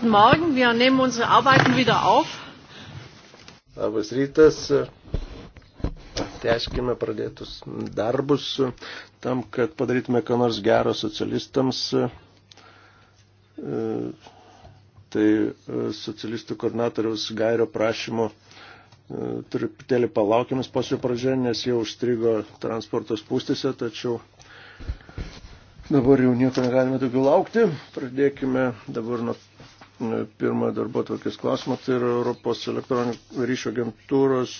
Guten Morgen, wir nehmen unsere Arbeiten wieder auf. Labas rytas. Teškime pradėtus darbus tam, kad padarytume ką nors gero socialistams. E, tai e, socialistų koordinatoriaus Gairio prašymo e, truputėlį palaukiamas posėdžio pradžioje, nes jie užstrigo transporto spūstėse, tačiau dabar jau nieko negalime daugiau laukti. Pradėkime dabar nuo pirmą darbo tvarkės klausimą, tai yra Europos elektroninio ryšio agentūros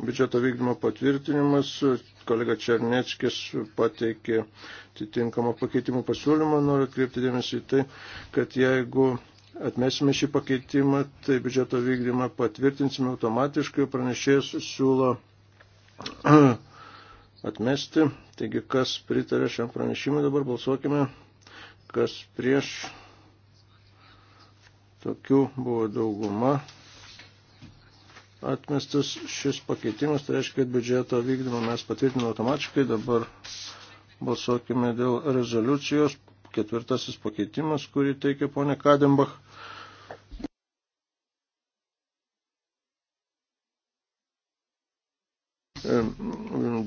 biudžeto vykdymo patvirtinimas. Kolega Černeckis pateikė atitinkamą pakeitimų pasiūlymą, noriu atkreipti dėmesį į tai, kad jeigu atmesime šį pakeitimą, tai biudžeto vykdymą patvirtinsime automatiškai, pranešėjas siūlo atmesti. Taigi, kas pritarė šiam pranešimui, dabar balsuokime, kas prieš Tokių buvo dauguma. Atmestas šis pakeitimas, tai reiškia, kad biudžeto vykdymą mes patvirtiname automatiškai. Dabar balsuokime dėl rezoliucijos. Ketvirtasis pakeitimas, kurį teikia ponė Kadembach.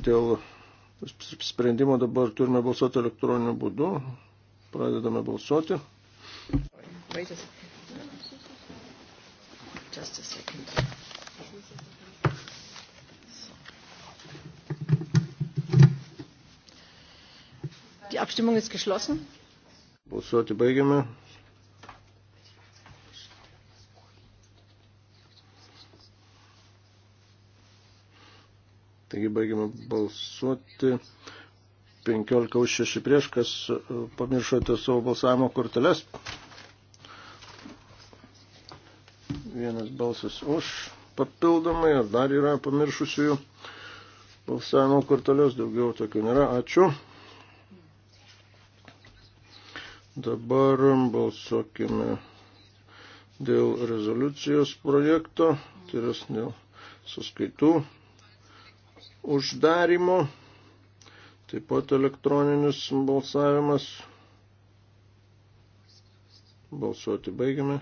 Dėl sprendimo dabar turime balsuoti elektroniniu būdu. Pradedame balsuoti. Vaizdas. Just a second. Die Abstimmung ist geschlossen. Balsuoti baigiame. Taigi baigiame balsuoti. 15 už 6 prieš, kas e, pamiršote savo balsavimo korteles. vienas balsas už papildomai, ar dar yra pamiršusiųjų balsavimo kortelės, daugiau tokių nėra. Ačiū. Dabar balsuokime dėl rezoliucijos projekto, tai yra dėl sąskaitų uždarimo, taip pat elektroninis balsavimas. Balsuoti baigiame.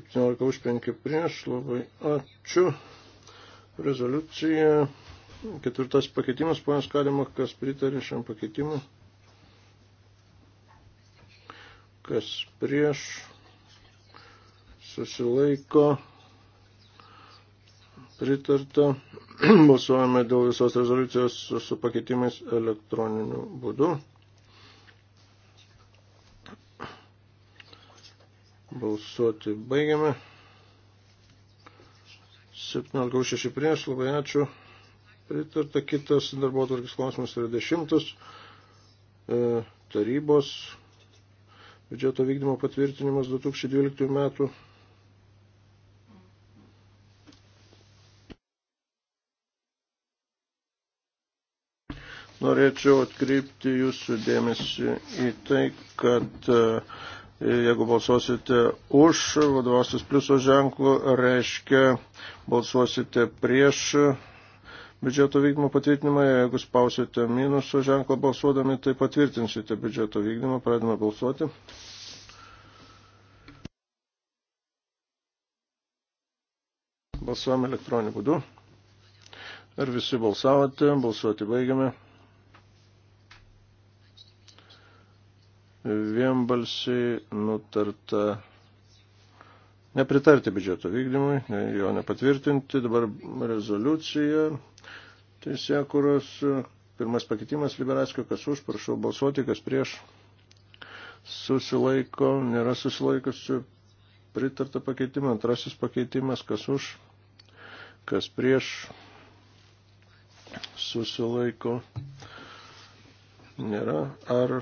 17 už 5 prieš, labai ačiū. Rezoliucija. Ketvirtas pakeitimas, ponas Kalimak, kas pritarė šiam pakeitimui? Kas prieš? Susilaiko. Pritarta. Balsuojame dėl visos rezoliucijos su pakeitimais elektroniniu būdu. Balsuoti baigiame. 17.6 prieš, labai ačiū. Pritarta kitas darbo tvarkis klausimas yra dešimtas. E, tarybos biudžeto vykdymo patvirtinimas 2012 metų. Norėčiau atkreipti jūsų dėmesį į tai, kad e, Jeigu balsuosite už, vadovausis pliuso ženklu, reiškia balsuosite prieš biudžeto vykdymo patvirtinimą. Jeigu spausite minuso ženklą balsuodami, tai patvirtinsite biudžeto vykdymą. Pradėme balsuoti. Balsuojame elektroniniu būdu. Ar visi balsavote? Balsuoti baigiame. vienbalsiai nutarta nepritarti biudžeto vykdymui, jo nepatvirtinti. Dabar rezoliucija teisėkuros. Pirmas pakeitimas Liberatskio, kas už, prašau balsuoti, kas prieš. Susilaiko, nėra susilaikusių. Pritarta pakeitimą, antrasis pakeitimas, kas už, kas prieš. Susilaiko, nėra. Ar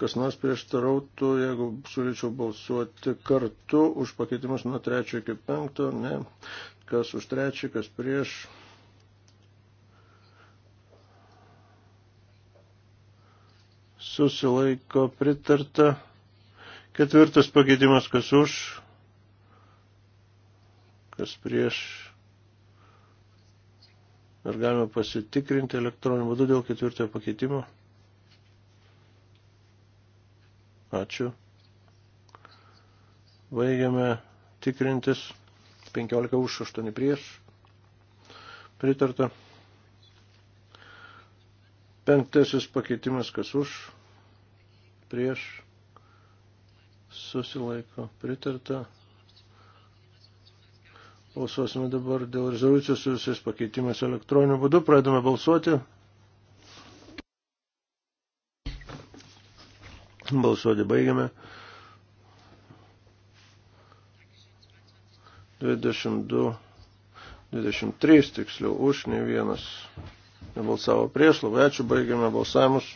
kas nors prieštarautų, jeigu siūlyčiau balsuoti kartu už pakeitimus nuo trečio iki penkto, ne, kas už trečią, kas prieš. Susilaiko pritarta. Ketvirtas pakeitimas, kas už, kas prieš. Ar galime pasitikrinti elektroniniu būdu dėl ketvirtojo pakeitimo? Ačiū. Baigiame tikrintis 15 už 8 prieš. Pritarta. Penktasis pakeitimas, kas už, prieš, susilaiko, pritarta. Balsuosime dabar dėl rezoliucijos su visais pakeitimais elektroniniu būdu. Pradame balsuoti. Balsuoti baigiame. 22, 23 tiksliau už, ne vienas nebalsavo prieš. Labai ačiū, baigiame balsavimus.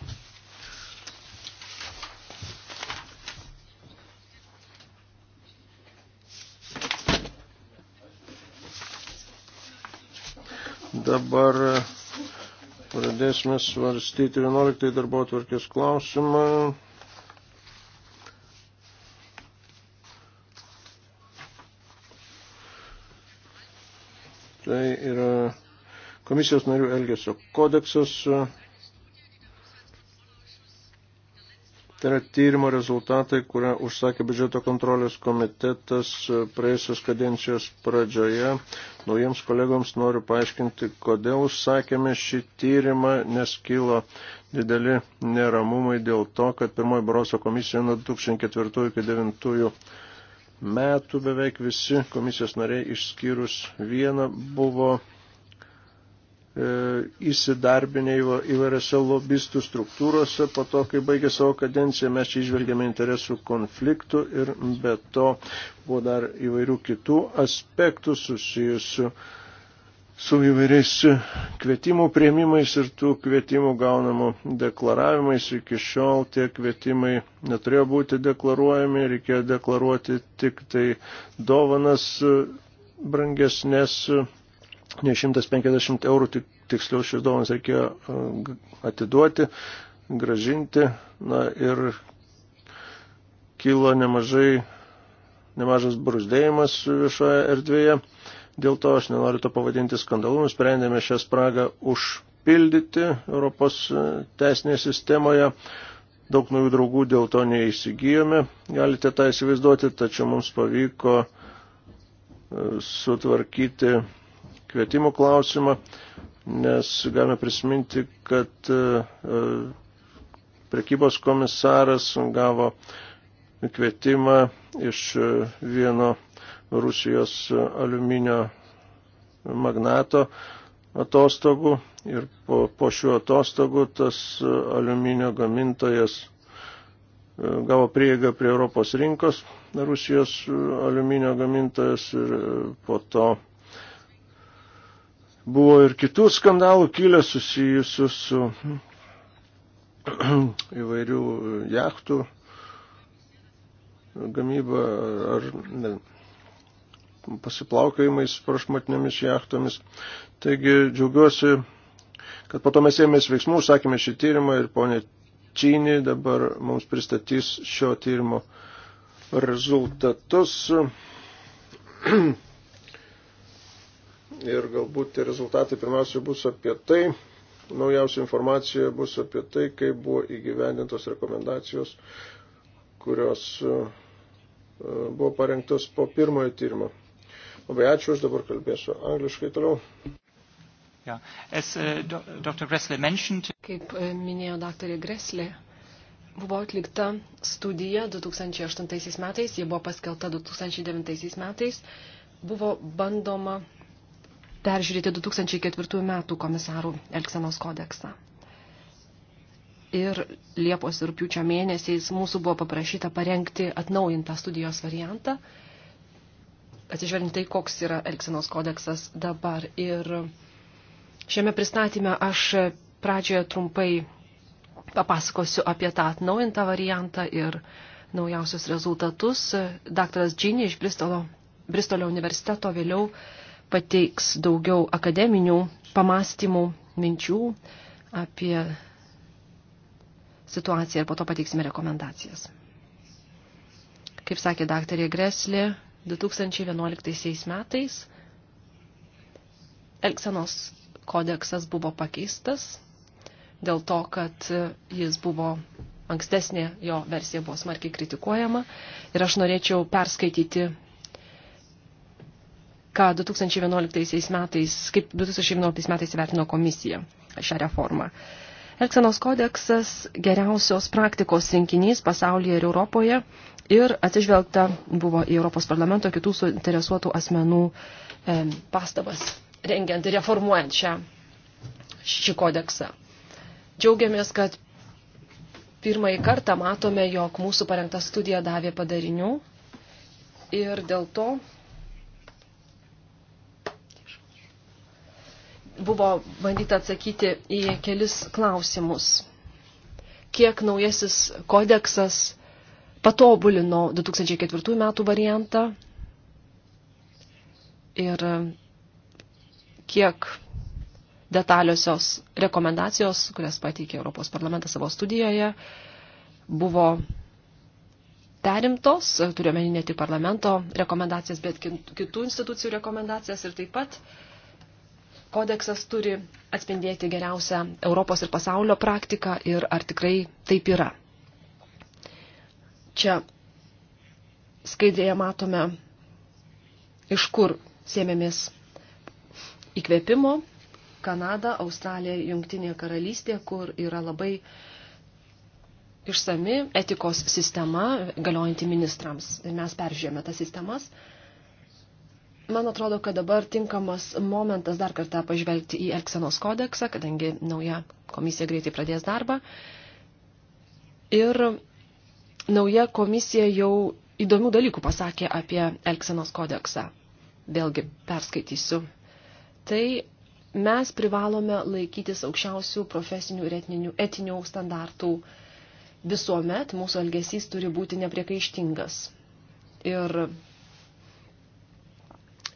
Dabar pradėsime svarstyti 11 darbo tvarkės klausimą. komisijos narių elgesio kodeksas. Tai yra tyrimo rezultatai, kurią užsakė biudžeto kontrolės komitetas praėjusios kadencijos pradžioje. Naujiems kolegoms noriu paaiškinti, kodėl užsakėme šį tyrimą, nes kilo dideli neramumai dėl to, kad pirmoji Baroso komisija nuo 2004 iki 2009 metų beveik visi komisijos nariai išskyrus vieną buvo E, įsidarbinę įvairiose lobistų struktūrose, po to, kai baigė savo kadenciją, mes čia išvelgėme interesų konfliktų ir be to buvo dar įvairių kitų aspektų susijusių su įvairiais kvietimų prieimimais ir tų kvietimų gaunamų deklaravimais. Iki šiol tie kvietimai neturėjo būti deklaruojami, reikėjo deklaruoti tik tai dovanas brangesnės ne 150 eurų, tik, tiksliau šis dovanas reikėjo e, atiduoti, gražinti. Na ir kilo nemažai, nemažas brusdėjimas viešoje erdvėje. Dėl to aš nenoriu to pavadinti skandalu, nusprendėme šią spragą užpildyti Europos e, teisinėje sistemoje. Daug naujų draugų dėl to neįsigijome, galite tą įsivaizduoti, tačiau mums pavyko e, sutvarkyti kvietimų klausimą, nes galime prisiminti, kad e, e, prekybos komisaras gavo kvietimą iš e, vieno Rusijos aliuminio magnato atostogų ir po, po šių atostogų tas aliuminio gamintojas gavo prieigą prie Europos rinkos Rusijos aliuminio gamintojas ir po to Buvo ir kitų skandalų kilę susijusių su įvairių jachtų gamyba ar ne, pasiplaukojimais prašmatnėmis jachtomis. Taigi džiaugiuosi, kad po to mes ėmės veiksmų, sakėme šį tyrimą ir ponė Činį dabar mums pristatys šio tyrimo rezultatus. ir galbūt tie rezultatai pirmiausia bus apie tai, naujausia informacija bus apie tai, kaip buvo įgyvendintos rekomendacijos, kurios e, e, buvo parengtos po pirmojo tyrimo. Labai ačiū, aš dabar kalbėsiu angliškai toliau. Ja. Es, äh, e, Dr. Gressle mentioned... Kaip minėjo dr. Gressle, buvo atlikta studija 2008 metais, ji buvo paskelta 2009 metais, buvo bandoma peržiūrėti 2004 metų komisarų Elksenos kodeksą. Ir Liepos ir Piūčio mėnesiais mūsų buvo paprašyta parengti atnaujintą studijos variantą, atsižvelgiant tai, koks yra Elksenos kodeksas dabar. Ir šiame pristatyme aš pradžioje trumpai papasakosiu apie tą atnaujintą variantą ir naujausius rezultatus. Daktaras Džinė iš Bristolo, Bristolio universiteto vėliau pateiks daugiau akademinių pamastymų, minčių apie situaciją ir po to pateiksime rekomendacijas. Kaip sakė daktarė Greslė, 2011 metais Elksenos kodeksas buvo pakeistas dėl to, kad jis buvo ankstesnė, jo versija buvo smarkiai kritikuojama ir aš norėčiau perskaityti ką 2011 metais, kaip 2011 metais vertino komisija šią reformą. Elksenos kodeksas geriausios praktikos rinkinys pasaulyje ir Europoje ir atsižvelgta buvo į Europos parlamento kitų suinteresuotų asmenų e, pastabas rengiant ir reformuojant šią, šį kodeksą. Džiaugiamės, kad pirmąjį kartą matome, jog mūsų parengta studija davė padarinių ir dėl to buvo bandyta atsakyti į kelis klausimus. Kiek naujasis kodeksas patobulino 2004 metų variantą ir kiek detaliosios rekomendacijos, kurias pateikė Europos parlamentas savo studijoje, buvo perimtos, turiuomenį ne tik parlamento rekomendacijas, bet kitų institucijų rekomendacijas ir taip pat uh, kodeksas turi atspindėti geriausią Europos ir pasaulio praktiką ir ar tikrai taip yra. Čia skaidrėje matome, iš kur sėmėmės įkvėpimo Kanada, Australija, Jungtinė karalystė, kur yra labai išsami etikos sistema galiojanti ministrams. Ir mes peržiūrėjome tas sistemas Man atrodo, kad dabar tinkamas momentas dar kartą pažvelgti į Elksenos kodeksą, kadangi nauja komisija greitai pradės darbą. Ir nauja komisija jau įdomių dalykų pasakė apie Elksenos kodeksą. Vėlgi perskaitysiu. Tai mes privalome laikytis aukščiausių profesinių ir etninių, etinių standartų. Visuomet mūsų elgesys turi būti nepriekaištingas. Ir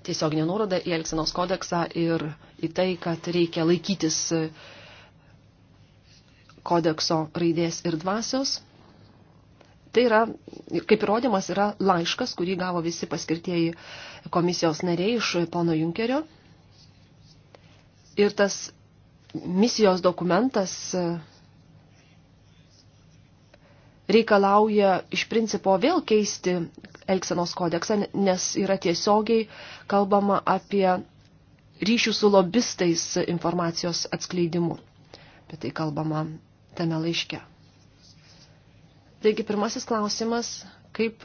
tiesiog nenuroda į Elksenos kodeksą ir į tai, kad reikia laikytis kodekso raidės ir dvasios. Tai yra, kaip įrodymas, yra laiškas, kurį gavo visi paskirtieji komisijos nariai iš pono Junkerio. Ir tas misijos dokumentas reikalauja iš principo vėl keisti Elksenos kodeksą, nes yra tiesiogiai kalbama apie ryšių su lobistais informacijos atskleidimu. Bet tai kalbama tame laiške. Taigi pirmasis klausimas, kaip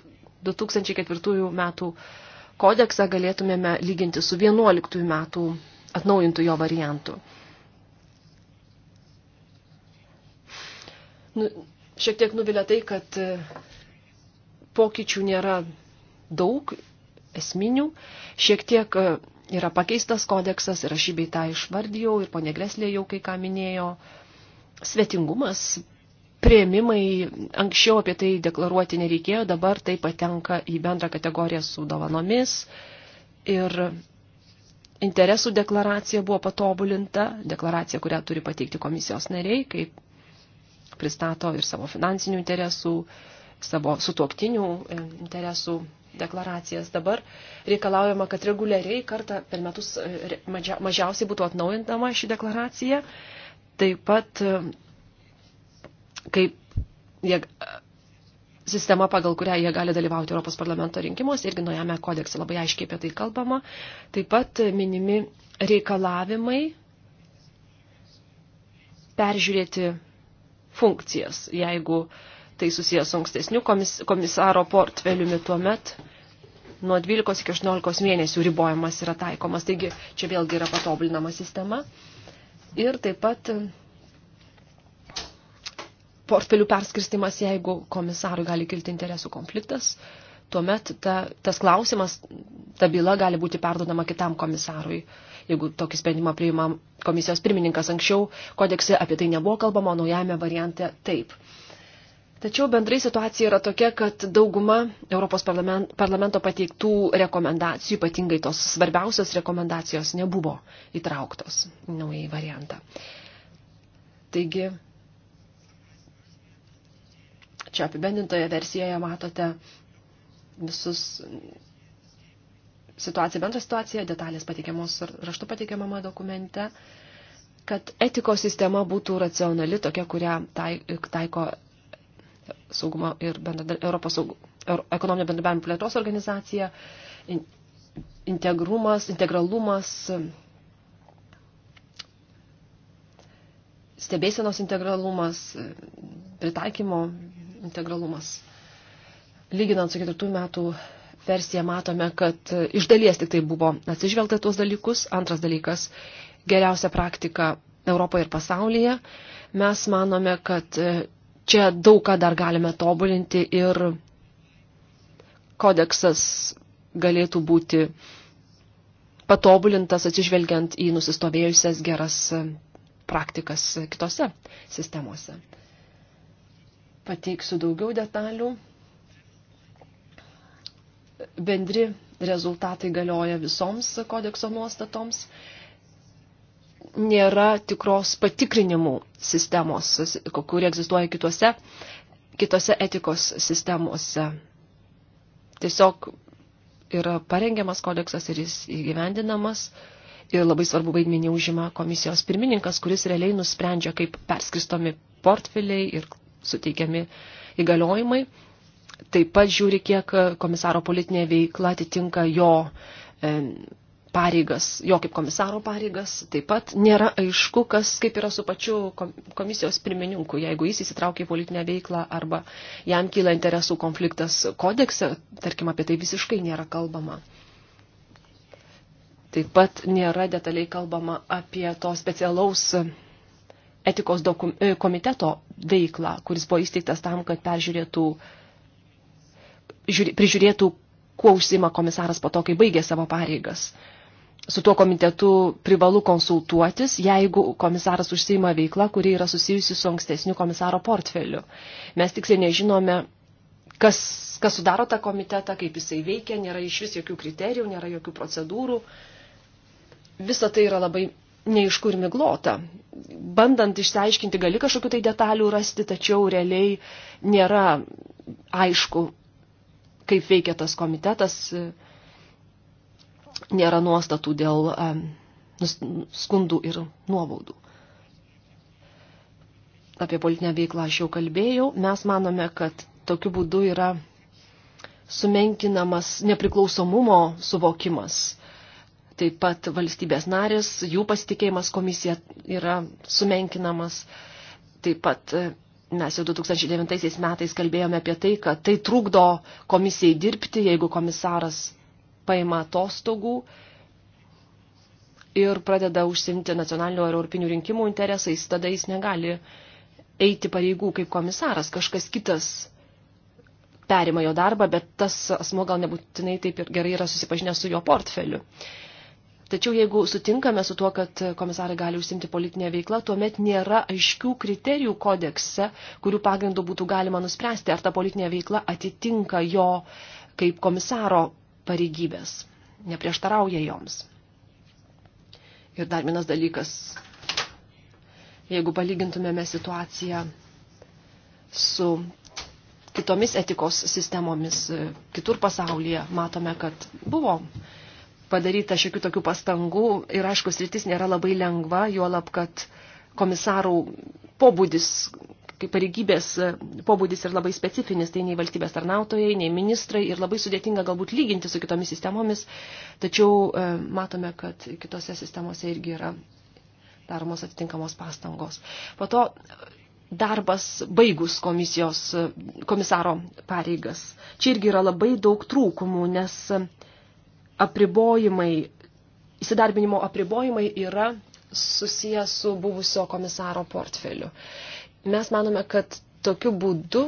2004 metų kodeksą galėtumėme lyginti su 11 metų atnaujintų jo variantu. Nu, Šiek tiek nuvilia tai, kad e, pokyčių nėra daug esminių, šiek tiek e, yra pakeistas kodeksas ir aš jį beitą išvardijau ir ponė Greslė jau kai ką minėjo. Svetingumas, prieimimai, anksčiau apie tai deklaruoti nereikėjo, dabar tai patenka į bendrą kategoriją su dovanomis ir interesų deklaracija buvo patobulinta, deklaracija, kurią turi pateikti komisijos nariai, kaip pristato ir savo finansinių interesų, savo sutuoktinių e, interesų deklaracijas. Dabar reikalaujama, kad reguliariai kartą per metus e, mažiausiai būtų atnaujintama ši deklaracija. Taip pat, e, kaip jie, sistema, pagal kurią jie gali dalyvauti Europos parlamento rinkimuose, irgi nuėjame kodeksą labai aiškiai apie tai kalbama. Taip pat minimi reikalavimai peržiūrėti funkcijas. Jeigu tai susijęs su ankstesniu komis, komisaro portfeliumi tuomet, nuo 12 iki 18 mėnesių ribojimas yra taikomas. Taigi čia vėlgi yra patobulinama sistema. Ir taip pat portfelių perskirstimas, jeigu komisarui gali kilti interesų konfliktas, tuomet ta, tas klausimas, ta byla gali būti perdodama kitam komisarui jeigu tokį sprendimą priima komisijos pirmininkas anksčiau, kodekse apie tai nebuvo kalbama, naujame variante taip. Tačiau bendrai situacija yra tokia, kad dauguma Europos parlamento pateiktų rekomendacijų, ypatingai tos svarbiausios rekomendacijos, nebuvo įtrauktos į naująjį variantą. Taigi, čia apibendintoje versijoje matote visus situaciją, bendrą situaciją, detalės pateikiamos raštu pateikiamame dokumente, kad etikos sistema būtų racionali, tokia, kurią tai, taiko saugumo ir bendradar, Europos saug, ekonominio bendradarbiavimo plėtros organizacija, in, integrumas, integralumas, stebėsenos integralumas, pritaikymo integralumas. Lyginant su ketvirtų metų versiją matome, kad iš dalies tik tai buvo atsižvelgta tuos dalykus. Antras dalykas - geriausia praktika Europoje ir pasaulyje. Mes manome, kad e, čia daug ką dar galime tobulinti ir kodeksas galėtų būti patobulintas atsižvelgiant į nusistovėjusias geras e, praktikas kitose sistemose. Pateiksiu daugiau detalių bendri rezultatai galioja visoms kodekso nuostatoms. Nėra tikros patikrinimų sistemos, kuri egzistuoja kitose, kitose etikos sistemose. Tiesiog yra parengiamas kodeksas ir jis įgyvendinamas. Ir labai svarbu vaidmenį užima komisijos pirmininkas, kuris realiai nusprendžia, kaip perskristomi portfeliai ir suteikiami įgaliojimai taip pat žiūri, kiek komisaro politinė veikla atitinka jo pareigas, jo kaip komisaro pareigas. Taip pat nėra aišku, kas kaip yra su pačiu komisijos pirmininku, jeigu jis įsitraukia į politinę veiklą arba jam kyla interesų konfliktas kodekse, tarkim, apie tai visiškai nėra kalbama. Taip pat nėra detaliai kalbama apie to specialaus etikos e, komiteto veiklą, kuris buvo įsteigtas tam, kad peržiūrėtų uh, žiūrė, prižiūrėtų, kuo užsima komisaras po to, kai baigė savo pareigas. Su tuo komitetu privalu konsultuotis, jeigu komisaras užsima veiklą, kuri yra susijusi su ankstesniu komisaro portfeliu. Mes tiksliai nežinome, kas, kas sudaro tą komitetą, kaip jisai veikia, nėra iš vis jokių kriterijų, nėra jokių procedūrų. Visa tai yra labai neiškur miglota. Bandant išsiaiškinti, gali kažkokiu tai detalių rasti, tačiau realiai nėra aišku, kaip veikia tas komitetas, nėra nuostatų dėl skundų ir nuobaudų. Apie politinę veiklą aš jau kalbėjau. Mes manome, kad tokiu būdu yra sumenkinamas nepriklausomumo suvokimas. Taip pat valstybės narės, jų pasitikėjimas komisija yra sumenkinamas. Taip pat mes jau 2009 metais kalbėjome apie tai, kad tai trukdo komisijai dirbti, jeigu komisaras paima atostogų ir pradeda užsimti nacionalinių ar europinių rinkimų interesais, tada jis negali eiti pareigų kaip komisaras, kažkas kitas perima jo darbą, bet tas asmo gal nebūtinai taip ir gerai yra susipažinęs su jo portfeliu. Tačiau jeigu sutinkame su tuo, kad komisarai gali užsimti politinę veiklą, tuomet nėra aiškių kriterijų kodekse, kurių pagrindų būtų galima nuspręsti, ar ta politinė veikla atitinka jo kaip komisaro pareigybės, neprieštarauja joms. Ir dar vienas dalykas, jeigu palygintumėme situaciją su kitomis etikos sistemomis kitur pasaulyje, matome, kad buvo padaryta šiokių tokių pastangų ir aišku, sritis nėra labai lengva, juolab, kad komisarų pobūdis, kaip pareigybės pobūdis ir labai specifinis, tai nei valstybės tarnautojai, nei ministrai ir labai sudėtinga galbūt lyginti su kitomis sistemomis, tačiau e, matome, kad kitose sistemose irgi yra daromos atitinkamos pastangos. Po to darbas baigus komisijos e, komisaro pareigas. Čia irgi yra labai daug trūkumų, nes apribojimai, įsidarbinimo apribojimai yra susijęs su buvusio komisaro portfeliu. Mes manome, kad tokiu būdu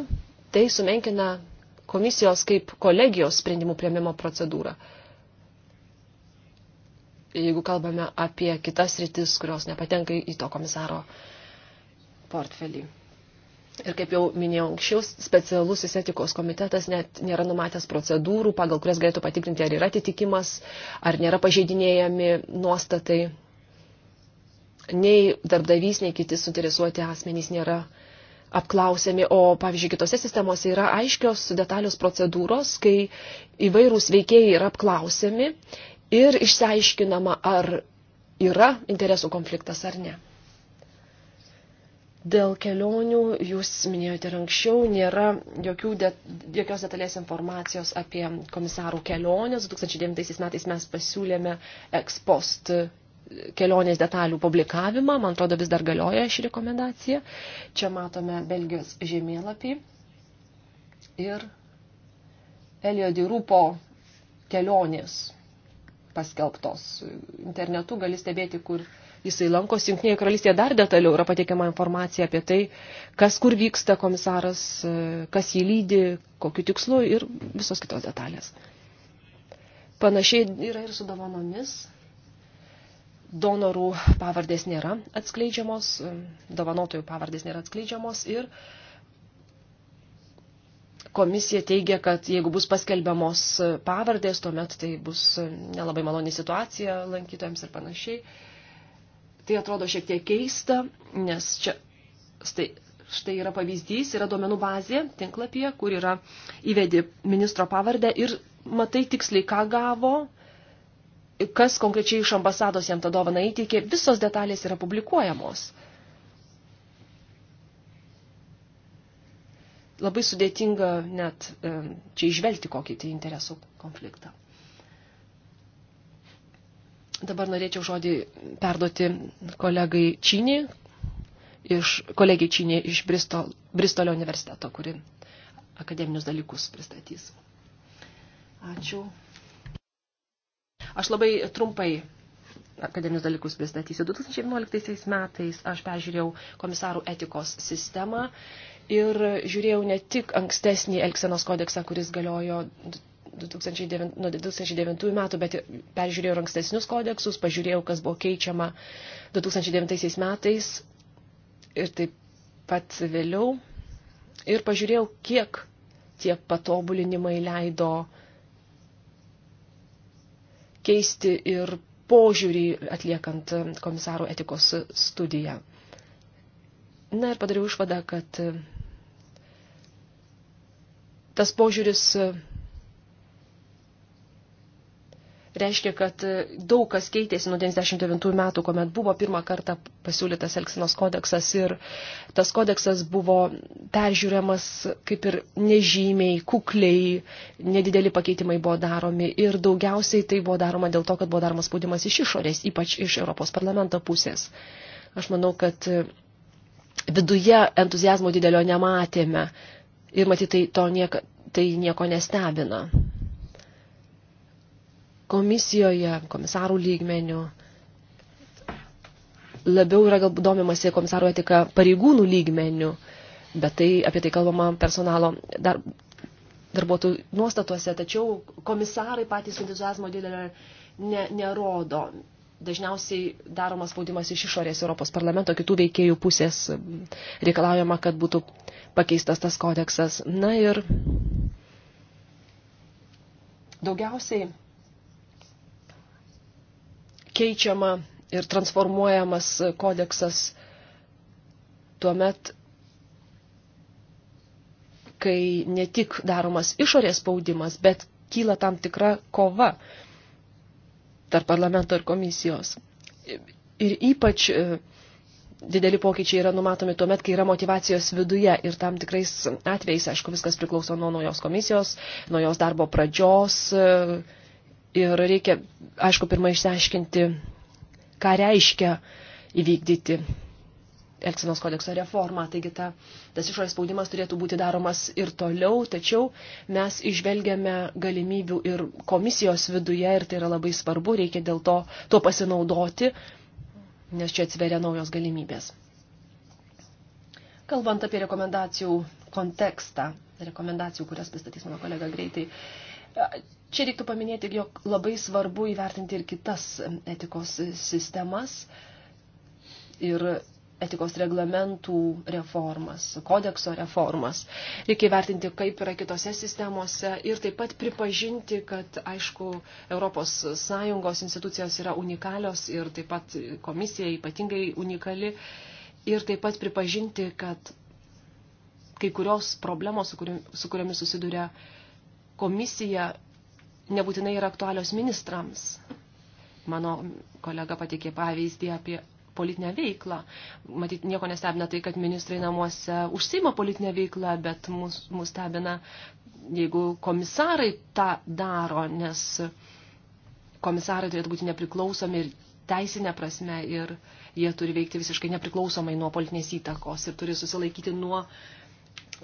tai sumenkina komisijos kaip kolegijos sprendimų prieimimo procedūrą. Jeigu kalbame apie kitas rytis, kurios nepatenka į to komisaro portfelį. Ir kaip jau minėjau anksčiau, specialusis etikos komitetas net nėra numatęs procedūrų, pagal kurias galėtų patikrinti, ar yra atitikimas, ar nėra pažeidinėjami nuostatai. Nei darbdavys, nei kiti suinteresuoti asmenys nėra apklausiami, o pavyzdžiui, kitose sistemose yra aiškios detalios procedūros, kai įvairūs veikėjai yra apklausiami ir išsiaiškinama, ar yra interesų konfliktas ar ne. Dėl kelionių, jūs minėjote ir anksčiau, nėra jokių de, jokios detalės informacijos apie komisarų kelionės. 2009 metais mes pasiūlėme ekspost e, kelionės detalių publikavimą. Man atrodo, vis dar galioja ši rekomendacija. Čia matome Belgijos žemėlapį ir Elio Dirupo kelionės paskelbtos. Internetu gali stebėti, kur jisai lankosi Junktinėje karalystėje dar detaliau, yra pateikiama informacija apie tai, kas kur vyksta komisaras, e, kas jį lydi, kokiu tikslu ir visos kitos detalės. Panašiai yra ir su dovanomis. Donorų pavardės nėra atskleidžiamos, e, dovanotojų pavardės nėra atskleidžiamos ir komisija teigia, kad jeigu bus paskelbiamos pavardės, tuomet tai bus nelabai maloni situacija lankytojams ir panašiai. Tai atrodo šiek tiek keista, nes čia štai, štai yra pavyzdys, yra duomenų bazė tinklapyje, kur yra įvedi ministro pavardę ir matai tiksliai, ką gavo, kas konkrečiai iš ambasados jam tą dovaną įteikė, visos detalės yra publikuojamos. Labai sudėtinga net čia išvelgti kokį tai interesų konfliktą. Dabar norėčiau žodį perduoti kolegai Činį, iš, kolegiai Činį iš Bristol, Bristolio universiteto, kuri akademinius dalykus pristatys. Ačiū. Aš labai trumpai akademinius dalykus pristatysiu. 2011 metais aš peržiūrėjau komisarų etikos sistemą ir žiūrėjau ne tik ankstesnį Elksenos kodeksą, kuris galiojo 2009, nuo 2009 metų, bet peržiūrėjau ankstesnius kodeksus, pažiūrėjau, kas buvo keičiama 2009 metais ir taip pat vėliau. Ir pažiūrėjau, kiek tie patobulinimai leido keisti ir požiūrį atliekant komisaro etikos studiją. Na ir padariau išvadą, kad tas požiūris reiškia, kad e, daug kas keitėsi nuo 99 metų, kuomet buvo pirmą kartą pasiūlytas Elksinos kodeksas ir tas kodeksas buvo peržiūriamas kaip ir nežymiai, kukliai, nedideli pakeitimai buvo daromi ir daugiausiai tai buvo daroma dėl to, kad buvo daromas spaudimas iš išorės, ypač iš Europos parlamento pusės. Aš manau, kad e, viduje entuzijazmo didelio nematėme ir matyt, tai, to nieka, tai nieko nestebina komisijoje, komisarų lygmenių, labiau yra galbūt domimasi komisarų etika pareigūnų lygmenių, bet tai apie tai kalbama personalo dar, darbuotojų nuostatuose, tačiau komisarai patys entuzijazmo didelio ne, nerodo. Dažniausiai daromas spaudimas iš išorės Europos parlamento, kitų veikėjų pusės reikalaujama, kad būtų pakeistas tas kodeksas. Na ir daugiausiai keičiama ir transformuojamas kodeksas tuomet, kai ne tik daromas išorės spaudimas, bet kyla tam tikra kova tarp parlamento ir komisijos. Ir ypač e, dideli pokyčiai yra numatomi tuomet, kai yra motivacijos viduje ir tam tikrais atvejais, aišku, viskas priklauso nuo naujos komisijos, nuo jos darbo pradžios, e, Ir reikia, aišku, pirmą išsiaiškinti, ką reiškia įvykdyti Elksinos kodekso reformą. Taigi ta, tas išorės spaudimas turėtų būti daromas ir toliau, tačiau mes išvelgiame galimybių ir komisijos viduje ir tai yra labai svarbu, reikia dėl to, to pasinaudoti, nes čia atsveria naujos galimybės. Kalbant apie rekomendacijų kontekstą, rekomendacijų, kurias pristatys mano kolega greitai, Čia reiktų paminėti, jog labai svarbu įvertinti ir kitas etikos sistemas ir etikos reglamentų reformas, kodekso reformas. Reikia įvertinti, kaip yra kitose sistemose ir taip pat pripažinti, kad, aišku, ES institucijos yra unikalios ir taip pat komisija ypatingai unikali. Ir taip pat pripažinti, kad kai kurios problemos, su kuriomis susiduria komisija nebūtinai yra aktualios ministrams. Mano kolega patikė pavyzdį apie politinę veiklą. Matyt, nieko nestebina tai, kad ministrai namuose užsima politinę veiklą, bet mus, mus stebina, jeigu komisarai tą daro, nes komisarai turėtų būti nepriklausomi ir teisinė prasme ir jie turi veikti visiškai nepriklausomai nuo politinės įtakos ir turi susilaikyti nuo uh,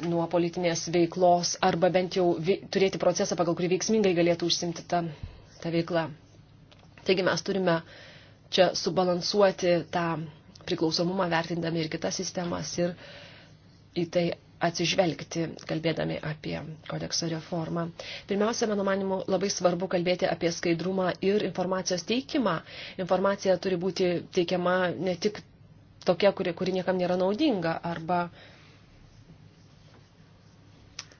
nuo politinės veiklos arba bent jau turėti procesą, pagal kurį veiksmingai galėtų užsimti ta, ta veikla. Taigi mes turime čia subalansuoti tą priklausomumą vertindami ir kitas sistemas ir į tai atsižvelgti, kalbėdami apie kodekso reformą. Pirmiausia, mano manimu, labai svarbu kalbėti apie skaidrumą ir informacijos teikimą. Informacija turi būti teikiama ne tik tokia, kuri, kuri niekam nėra naudinga arba uh,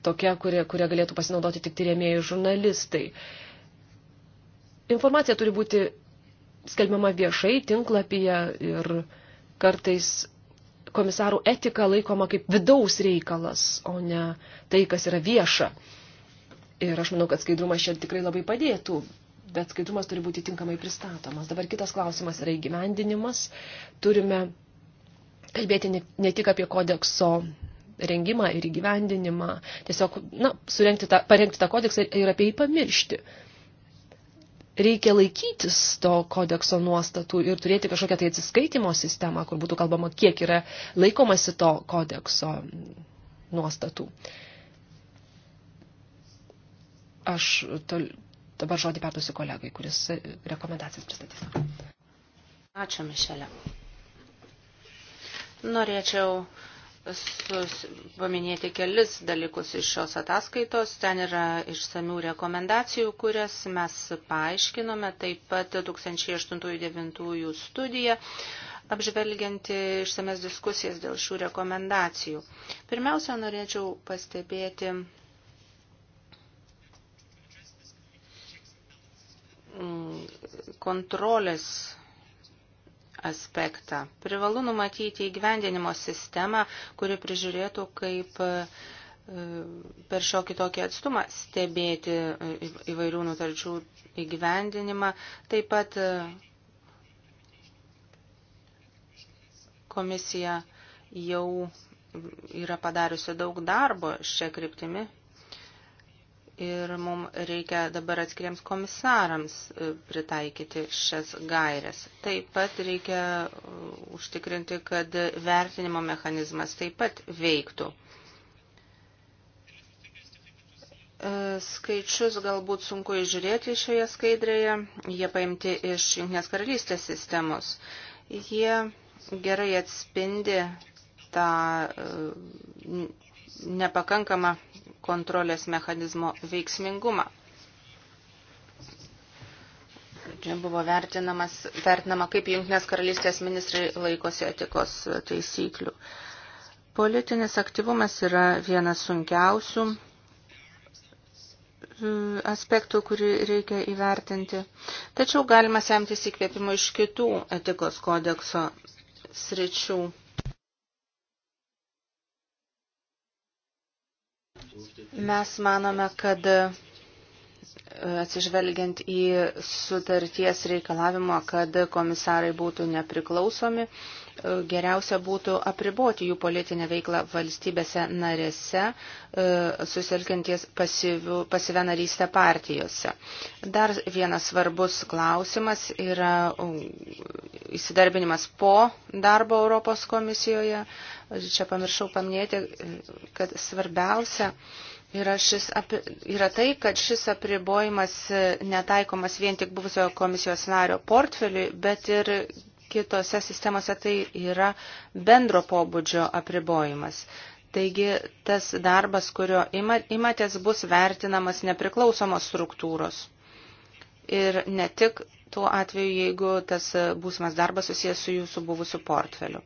tokia, kuria, kuria galėtų pasinaudoti tik tyrėmėjai žurnalistai. Informacija turi būti skelbiama viešai, tinklapyje ir kartais komisarų etika laikoma kaip vidaus reikalas, o ne tai, kas yra vieša. Ir aš manau, kad skaidrumas čia tikrai labai padėtų, bet skaidrumas turi būti tinkamai pristatomas. Dabar kitas klausimas yra įgyvendinimas. Turime kalbėti ne tik apie kodekso rengimą ir įgyvendinimą, tiesiog na, tą, parengti tą kodeksą ir apie jį pamiršti. Reikia laikytis to kodekso nuostatų ir turėti kažkokią tai atsiskaitimo sistemą, kur būtų kalbama, kiek yra laikomasi to kodekso nuostatų. Aš tol, dabar žodį perduosiu kolegai, kuris rekomendacijas pristatys. Ačiū, Mišelė. Norėčiau paminėti kelis dalykus iš šios ataskaitos. Ten yra išsamių rekomendacijų, kurias mes paaiškinome. Taip pat 2008-2009 studija apžvelgianti išsames diskusijas dėl šių rekomendacijų. Pirmiausia, norėčiau pastebėti mm, kontrolės aspektą. Privalu numatyti įgyvendinimo sistemą, kuri prižiūrėtų, kaip e, per šiokį tokį atstumą stebėti e, įvairių nutarčių įgyvendinimą. Taip pat e, komisija jau yra padariusi daug darbo šią kryptimį ir mums reikia dabar atskiriems komisarams e, pritaikyti šias gairias. Taip pat reikia e, užtikrinti, kad vertinimo mechanizmas taip pat veiktų. E, skaičius galbūt sunku įžiūrėti šioje skaidrėje, jie paimti iš Junknės karalystės sistemos. Jie gerai atspindi tą nepakankamą kontrolės mechanizmo veiksmingumą. Čia buvo vertinama, kaip Junktinės karalystės ministrai laikosi etikos taisyklių. Politinis aktyvumas yra vienas sunkiausių e, aspektų, kurį reikia įvertinti. Tačiau galima semtis įkvėpimo iš kitų etikos kodekso sričių. Mes manome, kad e, atsižvelgiant į sutarties reikalavimą, kad komisarai būtų nepriklausomi, geriausia būtų apriboti jų politinę veiklą valstybėse narėse, e, susirkinties pasyvę narystę partijose. Dar vienas svarbus klausimas yra um, įsidarbinimas po darbo Europos komisijoje. Čia pamiršau paminėti, kad svarbiausia Yra, šis, yra tai, kad šis apribojimas netaikomas vien tik buvusio komisijos nario portfeliui, bet ir kitose sistemose tai yra bendro pobūdžio apribojimas. Taigi tas darbas, kurio imatės, bus vertinamas nepriklausomos struktūros. Ir ne tik tuo atveju, jeigu tas būsimas darbas susijęs su jūsų buvusiu portfeliu.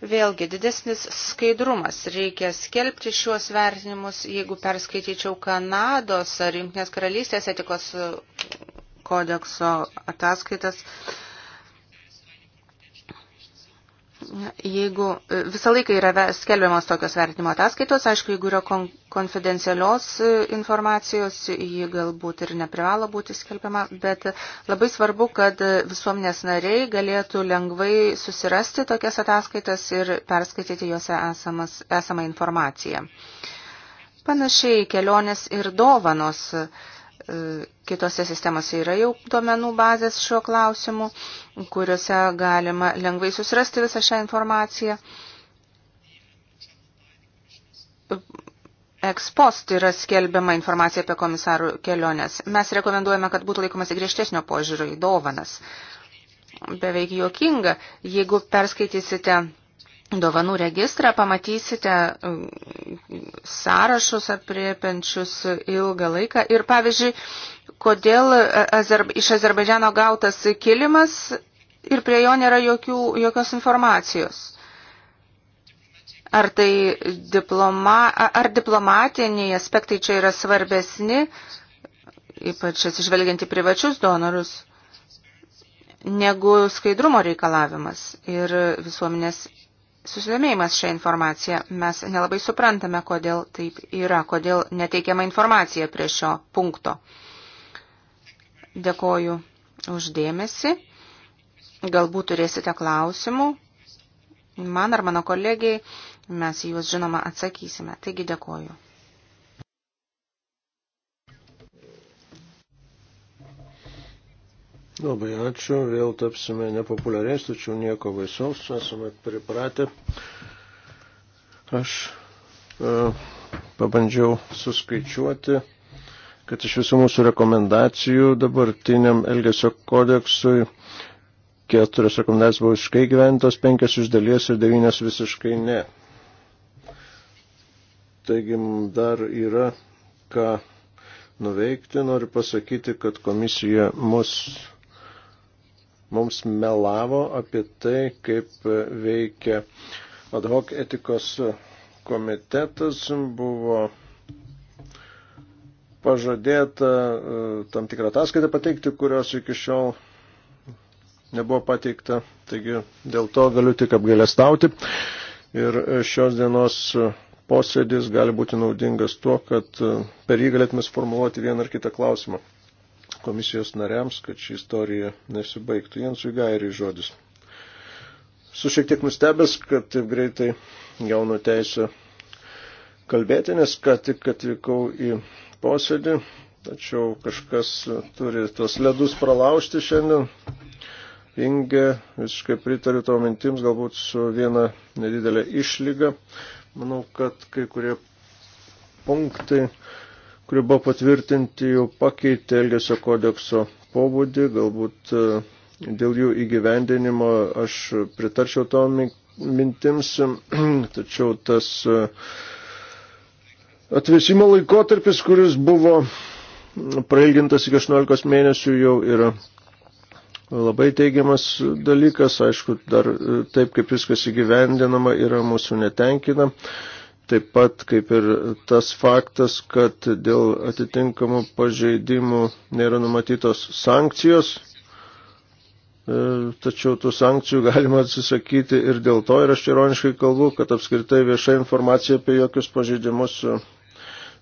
Vėlgi, didesnis skaidrumas. Reikia skelbti šiuos vertinimus, jeigu perskaityčiau Kanados ar Junktinės karalystės etikos kodekso ataskaitas jeigu e, visą laiką yra skelbiamos tokios vertinimo ataskaitos, aišku, jeigu yra kon konfidencialios e, informacijos, ji galbūt ir neprivalo būti skelbiama, bet labai svarbu, kad e, visuomenės nariai galėtų lengvai susirasti tokias ataskaitas ir perskaityti juose esamas, esamą informaciją. Panašiai kelionės ir dovanos. Uh, E, kitose sistemose yra jau duomenų bazės šiuo klausimu, kuriuose galima lengvai susirasti visą šią informaciją. Ekspost yra skelbiama informacija apie komisarų keliones. Mes rekomenduojame, kad būtų laikomasi griežtesnio požiūrio į dovanas. Beveik juokinga, jeigu perskaitysite dovanų registrą, pamatysite sąrašus apriepiančius ilgą laiką. Ir pavyzdžiui, kodėl iš Azerbaidžiano gautas kilimas ir prie jo nėra jokių, jokios informacijos. Ar tai diploma, ar diplomatiniai aspektai čia yra svarbesni, ypač atsižvelgiant į privačius donorus, negu skaidrumo reikalavimas ir visuomenės susidomėjimas šią informaciją. Mes nelabai suprantame, kodėl taip yra, kodėl neteikiama informacija prie šio punkto. Dėkoju uždėmesi. Galbūt turėsite klausimų. Man ar mano kolegijai mes juos žinoma atsakysime. Taigi dėkoju. Labai ačiū, vėl tapsime nepopuliariais, tačiau nieko baisaus, esame pripratę. Aš e, pabandžiau suskaičiuoti, kad iš visų mūsų rekomendacijų dabartiniam Elgesio kodeksui keturios rekomendacijos buvo visiškai gyventos, penkios iš dalies ir devynios visiškai ne. Taigi dar yra ką nuveikti. Noriu pasakyti, kad komisija mus mums melavo apie tai, kaip veikia ad hoc etikos komitetas, buvo pažadėta e, tam tikrą ataskaitą pateikti, kurios iki šiol nebuvo pateikta, taigi dėl to galiu tik apgailestauti. Ir šios dienos posėdis gali būti naudingas tuo, kad e, per jį galėtume sformuoluoti vieną ar kitą klausimą komisijos nariams, kad ši istorija nesibaigtų. Jansui Gairiai žodis. Su šiek tiek nustebęs, kad taip greitai gaunu teisę kalbėti, nes ką tik atvykau į posėdį, tačiau kažkas turi tos ledus pralaužti šiandien. Inge, visiškai pritariu to mintims, galbūt su viena nedidelė išlyga. Manau, kad kai kurie punktai kurie buvo patvirtinti, jau pakeitė Elgesio kodekso pobūdį, galbūt e, dėl jų įgyvendinimo aš pritarčiau to mintims, tačiau tas e, atvesimo laikotarpis, kuris buvo prailgintas iki 18 mėnesių, jau yra labai teigiamas dalykas, aišku, dar e, taip kaip viskas įgyvendinama yra mūsų netenkina. Taip pat kaip ir tas faktas, kad dėl atitinkamų pažeidimų nėra numatytos sankcijos, e, tačiau tų sankcijų galima atsisakyti ir dėl to, ir aš ironiškai kalbu, kad apskritai vieša informacija apie jokius pažeidimus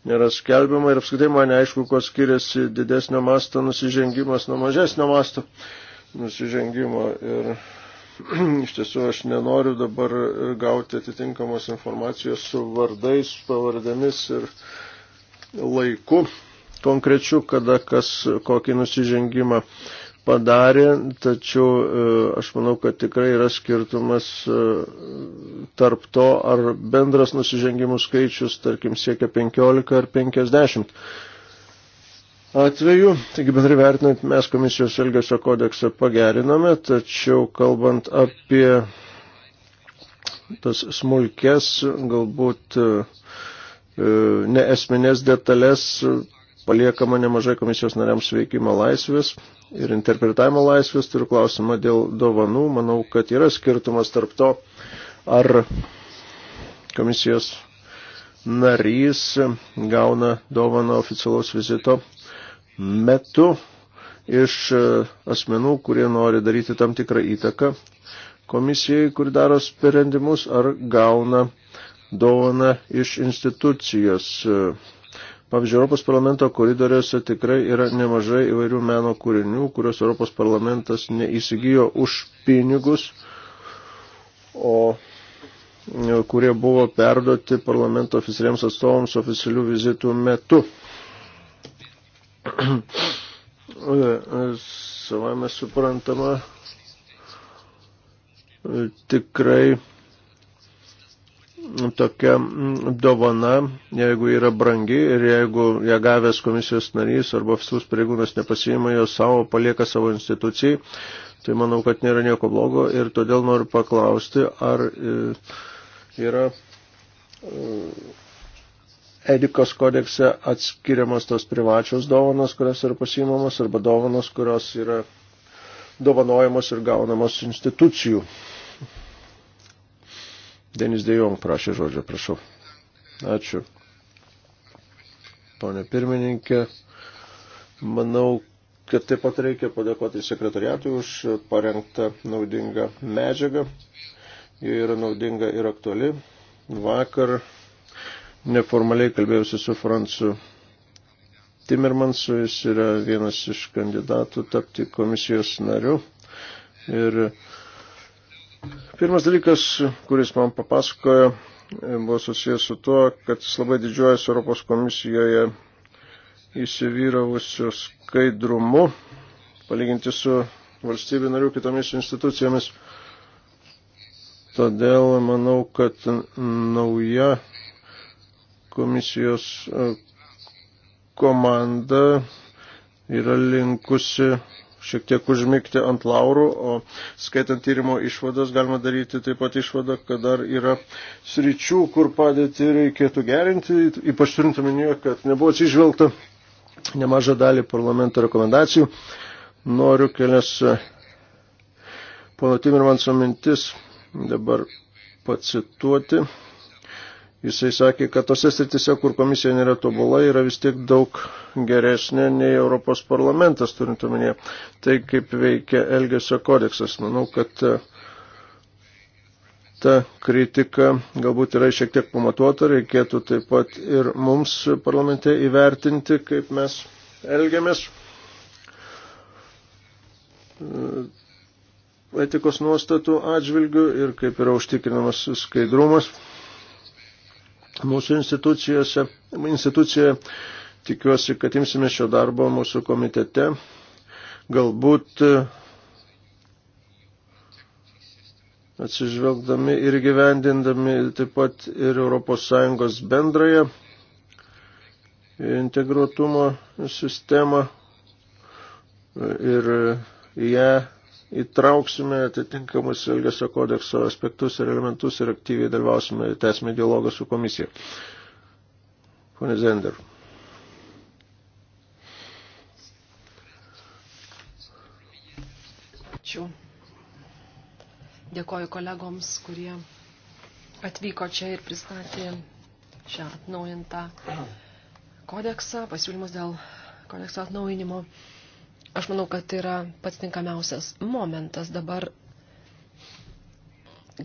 nėra skelbiama ir apskritai man neaišku, kuo skiriasi didesnio masto nusižengimas nuo mažesnio masto nusižengimo ir Iš tiesų, aš nenoriu dabar gauti atitinkamos informacijos su vardais, pavardėmis ir laiku konkrečiu, kada kas kokį nusižengimą padarė, tačiau e, aš manau, kad tikrai yra skirtumas e, tarp to, ar bendras nusižengimų skaičius, tarkim, siekia 15 ar 50 atveju. Taigi bendrai vertinant, mes komisijos elgesio kodeksą pagerinome, tačiau kalbant apie tas smulkes, galbūt e, neesminės detalės, paliekama nemažai komisijos nariams veikimo laisvės ir interpretavimo laisvės. Turiu klausimą dėl dovanų. Manau, kad yra skirtumas tarp to, ar komisijos narys gauna dovaną oficialaus vizito metu iš e, asmenų, kurie nori daryti tam tikrą įtaką komisijai, kuri daro sprendimus, ar gauna dovaną iš institucijos. E, pavyzdžiui, Europos parlamento koridoriuose tikrai yra nemažai įvairių meno kūrinių, kuriuos Europos parlamentas neįsigijo už pinigus, o e, kurie buvo perduoti parlamento oficialiems atstovams oficialių vizitų metu savame suprantama, tikrai tokia dovana, jeigu yra brangi ir jeigu ją gavęs komisijos narys arba oficialus pareigūnas nepasiima jo savo, palieka savo institucijai, tai manau, kad nėra nieko blogo ir todėl noriu paklausti, ar e, yra e, etikos kodekse atskiriamos tos privačios dovanos, kurios yra pasimamos, arba dovanos, kurios yra dovanojamos ir gaunamos institucijų. Denis Dejong prašė žodžio, prašau. Ačiū. Pone pirmininkė, manau, kad taip pat reikia padėkoti sekretariatui už parengtą naudingą medžiagą. Ji yra naudinga ir aktuali. Vakar neformaliai kalbėjusi su Francu Timmermansu, jis yra vienas iš kandidatų tapti komisijos nariu. Ir pirmas dalykas, kuris man papasakojo, buvo susijęs su tuo, kad jis labai didžiuojasi Europos komisijoje įsivyravusiu skaidrumu, palyginti su valstybių narių kitomis institucijomis. Todėl manau, kad nauja komisijos e, komanda yra linkusi šiek tiek užmygti ant laurų, o skaitant tyrimo išvadas galima daryti taip pat išvadą, kad dar yra sričių, kur padėti reikėtų gerinti, ypač turint omenyje, kad nebuvo atsižvelgta nemažą dalį parlamento rekomendacijų. Noriu kelias e, pono Timirmanso mintis dabar pacituoti. Jisai sakė, kad tose sritise, kur komisija nėra tobula, yra vis tiek daug geresnė nei Europos parlamentas, turint omenyje tai, kaip veikia Elgesio kodeksas. Manau, kad e, ta kritika galbūt yra šiek tiek pamatuota, reikėtų taip pat ir mums parlamente įvertinti, kaip mes elgiamės. E, etikos nuostatų atžvilgių ir kaip yra užtikrinamas skaidrumas mūsų institucijose, institucijoje. Tikiuosi, kad imsime šio darbo mūsų komitete. Galbūt e, atsižvelgdami ir gyvendindami taip pat ir ES bendrąją integruotumo sistemą e, ir e, ją įtrauksime atitinkamus Elgesio kodekso aspektus ir elementus ir aktyviai dalyvausime, tęsime dialogą su komisija. Pone Zender. Ačiū. Dėkoju kolegoms, kurie atvyko čia ir pristatė šią atnaujintą kodeksą, pasiūlymus dėl kodekso atnaujinimo. Aš manau, kad tai yra pats tinkamiausias momentas dabar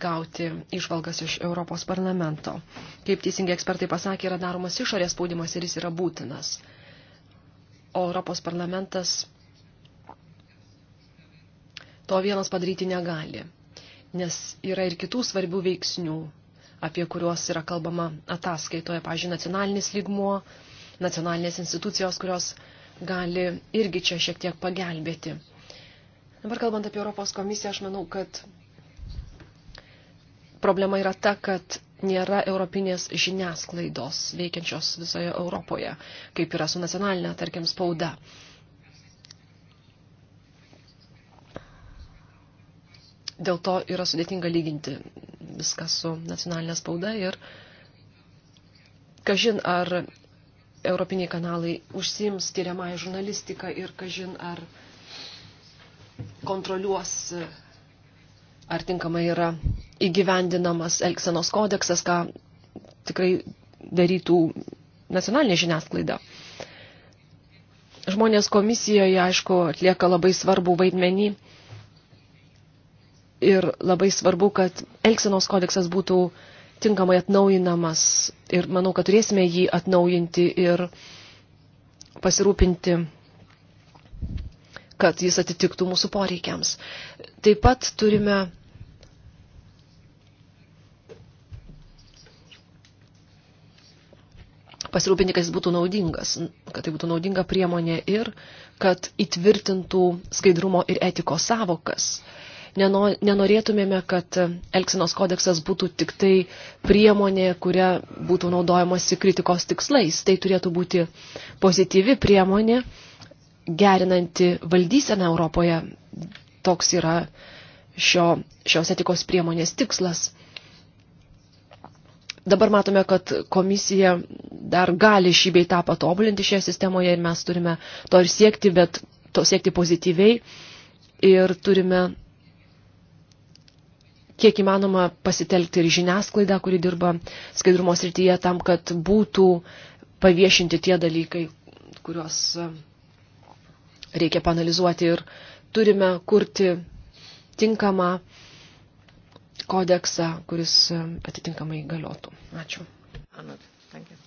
gauti išvalgas iš Europos parlamento. Kaip teisingai ekspertai pasakė, yra daromas išorės spaudimas ir jis yra būtinas. O Europos parlamentas to vienas padaryti negali, nes yra ir kitų svarbių veiksnių, apie kuriuos yra kalbama ataskaitoje, pažiūrėjau, nacionalinis lygmuo, nacionalinės institucijos, kurios gali irgi čia šiek tiek pagelbėti. Dabar kalbant apie Europos komisiją, aš manau, kad problema yra ta, kad nėra europinės žiniasklaidos veikiančios visoje Europoje, kaip yra su nacionalinė, tarkim, spauda. Dėl to yra sudėtinga lyginti viską su nacionalinė spauda ir kažin ar europiniai kanalai užsims tyriamąją žurnalistiką ir kažin ar kontroliuos, ar tinkamai yra įgyvendinamas Elksenos kodeksas, ką tikrai darytų nacionalinė žiniasklaida. Žmonės komisijoje, aišku, atlieka labai svarbų vaidmenį ir labai svarbu, kad Elksenos kodeksas būtų uh, tinkamai atnaujinamas ir manau, kad turėsime jį atnaujinti ir pasirūpinti, kad jis atitiktų mūsų poreikiams. Taip pat turime pasirūpinti, kad jis būtų naudingas, kad tai būtų naudinga priemonė ir kad įtvirtintų skaidrumo ir etikos savokas. Nenorėtumėme, kad Elksinos kodeksas būtų tik tai priemonė, kuria būtų naudojamasi kritikos tikslais. Tai turėtų būti pozityvi priemonė, gerinanti valdyseną Europoje. Toks yra šio, šios etikos priemonės tikslas. Dabar matome, kad komisija dar gali šį bei tą patobulinti šioje sistemoje ir mes turime to ir siekti, bet to siekti pozityviai ir turime kiek įmanoma pasitelkti ir žiniasklaidą, kuri dirba skaidrumo srityje, tam, kad būtų paviešinti tie dalykai, kuriuos e, reikia panalizuoti ir turime kurti tinkamą kodeksą, kuris e, atitinkamai galiotų. Ačiū. Anot, thank you.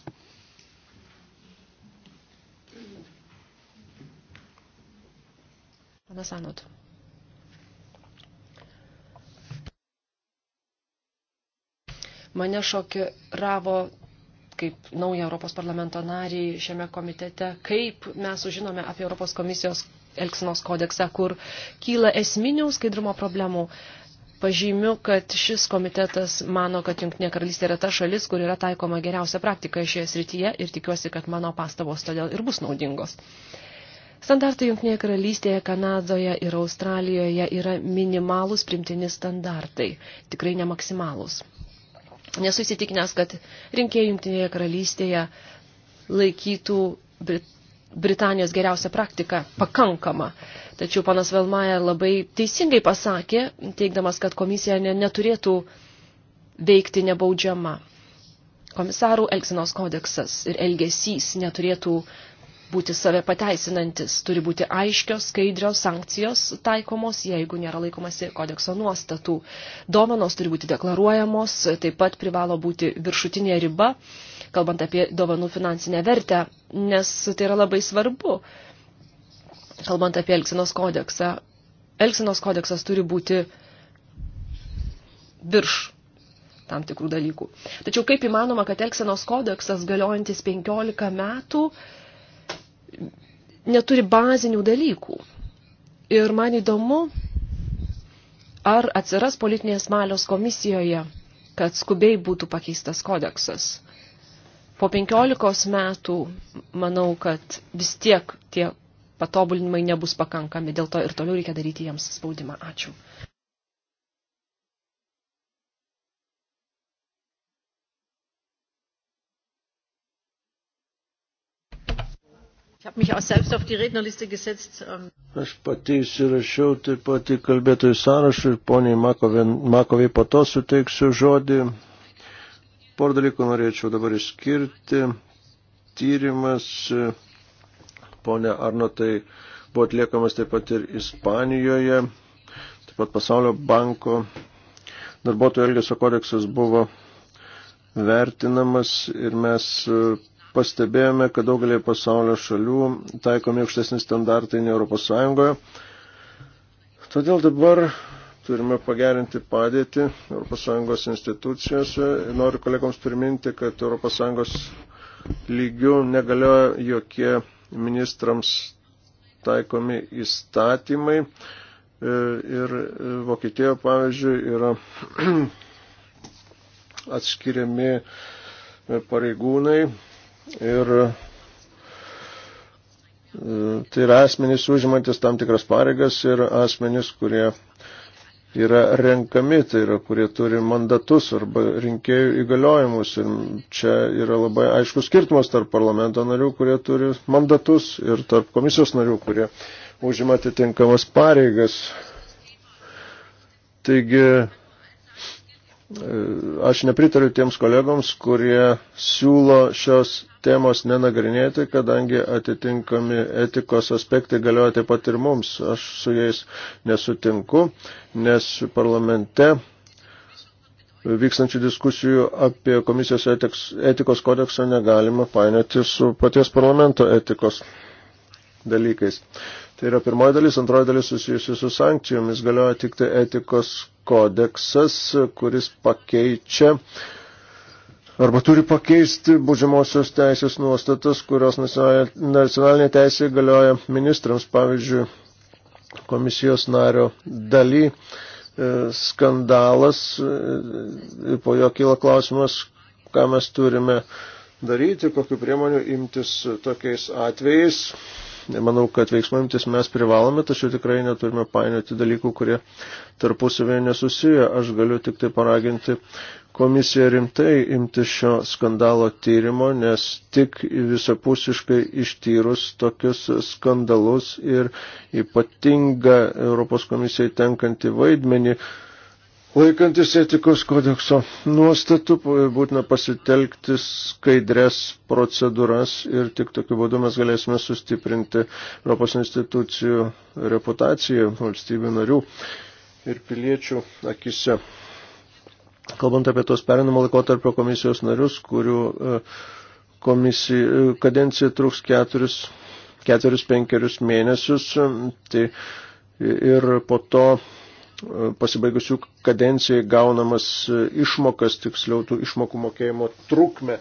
Panas Anot. Mane šokiravo kaip naują Europos parlamento narį šiame komitete, kaip mes sužinome apie Europos komisijos Elksinos kodeksą, kur kyla esminių skaidrumo problemų. Pažymiu, kad šis komitetas mano, kad Junktinė karalystė yra ta šalis, kur yra taikoma geriausia praktika šioje srityje ir tikiuosi, kad mano pastabos todėl ir bus naudingos. Standartai Junktinėje karalystėje, Kanadoje ir Australijoje yra minimalūs primtini standartai, tikrai nemaksimalūs. Nesu įsitikinęs, kad rinkėjai Junktinėje karalystėje laikytų Brit Britanijos geriausią praktiką pakankama. Tačiau panas Velmaja labai teisingai pasakė, teikdamas, kad komisija ne, neturėtų veikti nebaudžiama. Komisarų Elksinos kodeksas ir elgesys neturėtų būti save pateisinantis, turi būti aiškios, skaidrios sankcijos taikomos, jeigu nėra laikomasi kodekso nuostatų. Dovanos turi būti deklaruojamos, taip pat privalo būti viršutinė riba, kalbant apie dovanų finansinę vertę, nes tai yra labai svarbu, kalbant apie Elksinos kodeksą. Elksinos kodeksas turi būti virš tam tikrų dalykų. Tačiau kaip įmanoma, kad Elksinos kodeksas galiojantis 15 metų neturi bazinių dalykų. Ir man įdomu, ar atsiras politinės malios komisijoje, kad skubiai būtų pakeistas kodeksas. Po 15 metų manau, kad vis tiek tie patobulinimai nebus pakankami, dėl to ir toliau reikia daryti jiems spaudimą. Ačiū. Ähm. Aš pati įsirašiau taip pat į kalbėtojų sąrašą ir poniai Makoviai po to suteiksiu žodį. Por dalykų norėčiau dabar išskirti. Tyrimas, ponia Arnotai, buvo atliekamas taip pat ir Ispanijoje, taip pat Pasaulio banko darbuotojų elgesio kodeksas buvo vertinamas ir mes pastebėjome, kad daugelį pasaulio šalių taikomi aukštesni standartai nei Europos Sąjungoje. Todėl dabar turime pagerinti padėtį Europos Sąjungos institucijose. Noriu kolegoms priminti, kad Europos Sąjungos lygių negalioja jokie ministrams taikomi įstatymai. Ir Vokietijoje, pavyzdžiui, yra atskiriami pareigūnai, ir e, tai yra asmenys užimantis tam tikras pareigas ir asmenys, kurie yra renkami, tai yra, kurie turi mandatus arba rinkėjų įgaliojimus. Ir čia yra labai aiškus skirtumas tarp parlamento narių, kurie turi mandatus ir tarp komisijos narių, kurie užima atitinkamas pareigas. Taigi, E, aš nepritariu tiems kolegoms, kurie siūlo šios temos nenagrinėti, kadangi atitinkami etikos aspektai galioja taip pat ir mums. Aš su jais nesutinku, nes parlamente vykstančių diskusijų apie komisijos etiks, etikos kodeksą negalima painioti su paties parlamento etikos dalykais. Tai yra pirmoji dalis, antroji dalis susijusi su sankcijomis, galioja tik tai etikos kodeksas, kuris pakeičia arba turi pakeisti būdžiamosios teisės nuostatas, kurios nacionalinė teisė galioja ministrams, pavyzdžiui, komisijos nario daly e, skandalas ir e, po jo kyla klausimas, ką mes turime daryti, kokiu priemoniu imtis tokiais atvejais. Manau, kad veiksmamtis mes privalome, tačiau tikrai neturime painioti dalykų, kurie tarpusavėje nesusiję. Aš galiu tik tai paraginti komisiją rimtai imti šio skandalo tyrimo, nes tik visapusiškai ištyrus tokius skandalus ir ypatinga Europos komisijai tenkantį vaidmenį, Laikantis etikos kodekso nuostatų būtina pasitelkti skaidrės procedūras ir tik tokiu būdu mes galėsime sustiprinti Europos institucijų reputaciją valstybių narių ir piliečių akise. Kalbant apie tos perinamo laikotarpio komisijos narius, kurių e, komisija, kadencija truks keturis, keturis penkerius mėnesius tai ir po to pasibaigus jų kadencijai gaunamas e, išmokas, tiksliau tų išmokų mokėjimo trukmę.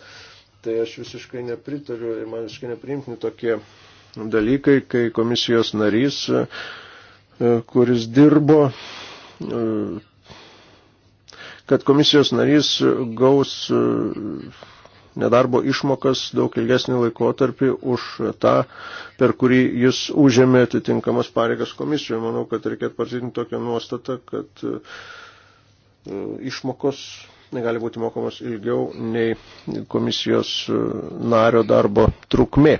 Tai aš visiškai nepritariu ir man visiškai nepriimtini tokie dalykai, kai komisijos narys, e, e, kuris dirbo, kad komisijos narys gaus nedarbo išmokas daug ilgesnį laikotarpį už tą, per kurį jis užėmė atitinkamas pareigas komisijoje. Manau, kad reikėtų patvirtinti tokią nuostatą, kad e, išmokos negali būti mokamos ilgiau nei komisijos e, nario darbo trukmė.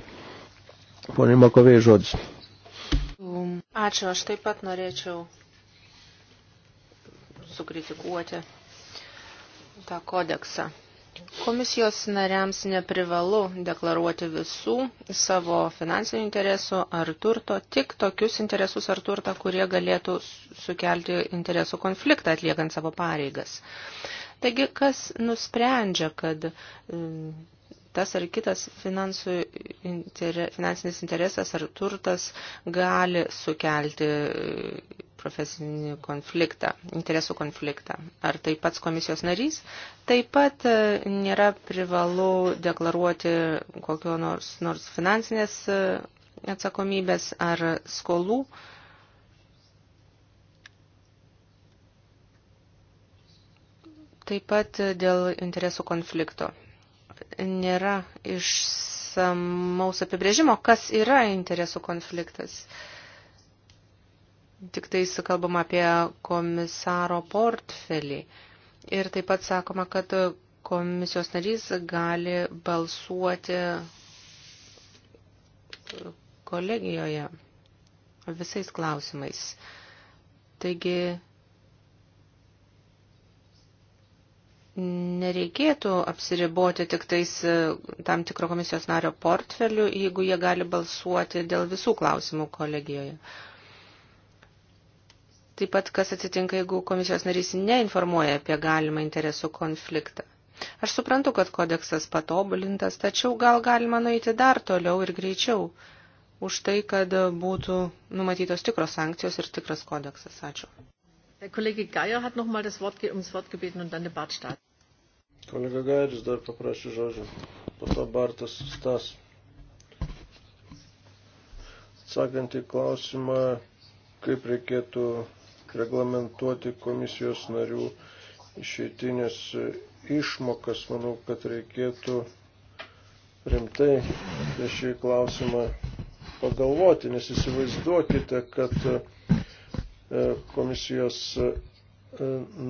Pone Makovėjai žodis. Ačiū, aš taip pat norėčiau sukritikuoti tą kodeksą. Komisijos nariams neprivalu deklaruoti visų savo finansinių interesų ar turto, tik tokius interesus ar turtą, kurie galėtų sukelti interesų konfliktą atliekant savo pareigas. Taigi, kas nusprendžia, kad e, tas ar kitas inter, finansinis interesas ar turtas gali sukelti profesinį konfliktą, interesų konfliktą. Ar tai pats komisijos narys? Taip pat e, nėra privalu deklaruoti kokio nors, nors finansinės e, atsakomybės ar skolų. Taip pat e, dėl interesų konflikto. Nėra išsamaus apibrėžimo, kas yra interesų konfliktas. Uh, tik tai sukalbama apie komisaro portfelį. Ir taip pat sakoma, kad komisijos narys gali balsuoti kolegijoje visais klausimais. Taigi nereikėtų apsiriboti tik tais e, tam tikro komisijos nario portfeliu, jeigu jie gali balsuoti dėl visų klausimų kolegijoje. Taip pat, kas atsitinka, jeigu komisijos narys neinformuoja apie galimą interesų konfliktą. Aš suprantu, kad kodeksas patobulintas, tačiau gal galima nueiti dar toliau ir greičiau už tai, kad būtų numatytos tikros sankcijos ir tikras kodeksas. Ačiū. Kolegė Geier hat noch mal das Wort, ums Wort gebeten und dann Debatte starten. Kolega Gairis dar paprašė žodžio. Po to Bartas Stas. Atsakant į klausimą, kaip reikėtų reglamentuoti komisijos narių išeitinės išmokas. Manau, kad reikėtų rimtai apie šį klausimą pagalvoti, nes įsivaizduokite, kad e, komisijos e,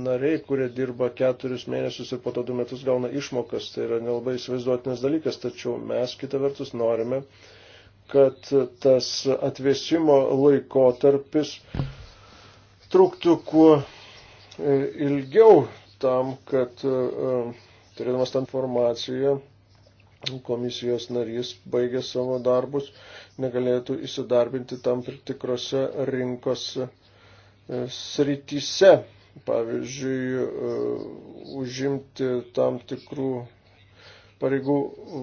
nariai, kurie dirba keturis mėnesius ir po to du metus gauna išmokas, tai yra nelabai įsivaizduotinas dalykas, tačiau mes kitą vertus norime, kad tas atvėsimo laikotarpis truktų kuo e, ilgiau tam, kad e, e, turėdamas tą informaciją komisijos narys baigė savo darbus, negalėtų įsidarbinti tam tikrose rinkos srityse. Pavyzdžiui, užimti tam tikrų pareigų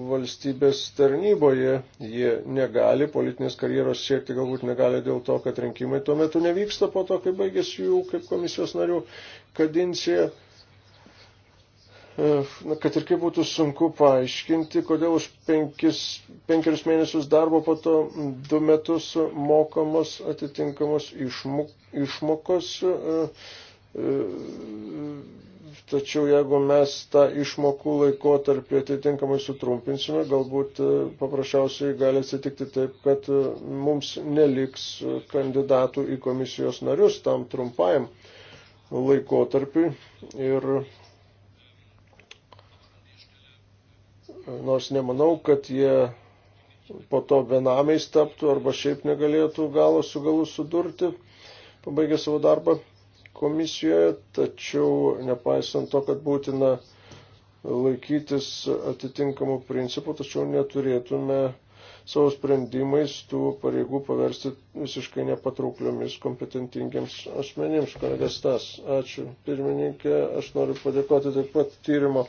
valstybės tarnyboje. Jie negali politinės karjeros siekti, galbūt negali dėl to, kad rinkimai tuo metu nevyksta po to, kai baigėsi jų kaip komisijos narių kadencija. E, na, kad ir kaip būtų sunku paaiškinti, kodėl už penkis, penkerius mėnesius darbo po to du metus mokamos atitinkamos išmok, išmokos. Uh, Tačiau jeigu mes tą išmokų laikotarpį atitinkamai sutrumpinsime, galbūt e, paprasčiausiai gali atsitikti taip, kad e, mums neliks kandidatų į komisijos narius tam trumpajam laikotarpiui. Ir e, nors nemanau, kad jie po to benamiais taptų arba šiaip negalėtų galo su galu sudurti, pabaigę savo darbą komisijoje, tačiau nepaisant to, kad būtina laikytis atitinkamų principų, tačiau neturėtume savo sprendimais tų pareigų paversti visiškai nepatraukliomis kompetentingiams asmenims. Kolegas Tas, ačiū pirmininkė, aš noriu padėkoti taip pat tyrimo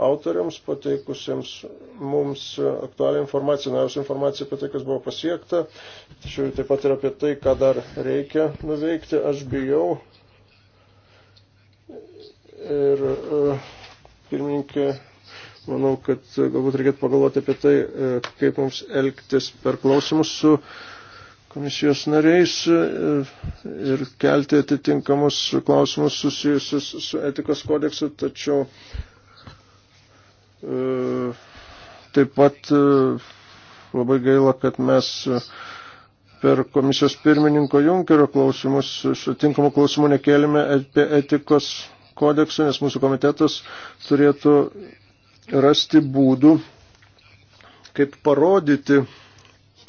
autoriams, pateikusiems mums aktualią informaciją, naujausią informaciją apie tai, kas buvo pasiekta, tačiau taip pat ir apie tai, ką dar reikia nuveikti. Aš bijau, Ir e, pirmininkė, manau, kad galbūt reikėtų pagalvoti apie tai, e, kaip mums elgtis per klausimus su komisijos nariais e, ir kelti atitinkamus klausimus susijusius su etikos kodeksu, tačiau taip pat labai gaila, kad mes per komisijos pirmininko Junkerio klausimus, sutinkamų klausimų nekėlėme apie etikos kodeksu, nes mūsų komitetas turėtų rasti būdų, kaip parodyti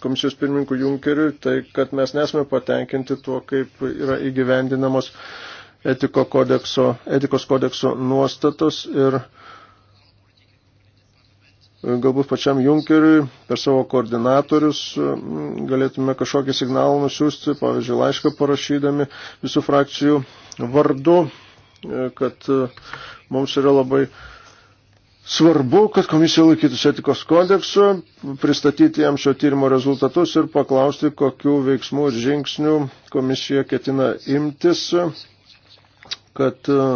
komisijos pirmininkų Junkeriui, tai kad mes nesame patenkinti tuo, kaip yra įgyvendinamos etiko kodekso, etikos kodekso nuostatos ir galbūt pačiam Junkeriui per savo koordinatorius mm, galėtume kažkokį signalą nusiųsti, pavyzdžiui, laišką parašydami visų frakcijų vardu kad e, mums yra labai svarbu, kad komisija laikytųsi etikos kodeksu, pristatyti jam šio tyrimo rezultatus ir paklausti, kokiu veiksmu ir žingsniu komisija ketina imtis, kad e,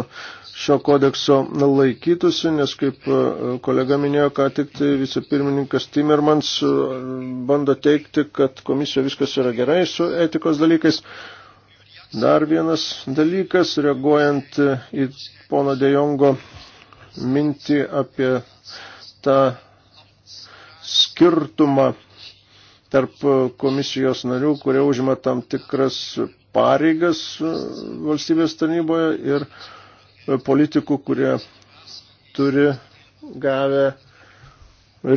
šio kodekso laikytųsi, nes kaip e, kolega minėjo, ką tik tai vicepirmininkas Timmermans bando teikti, kad komisija viskas yra gerai su etikos dalykais. Dar vienas dalykas, reaguojant į pono Dejongo mintį apie tą skirtumą tarp komisijos narių, kurie užima tam tikras pareigas valstybės tarnyboje ir politikų, kurie turi gavę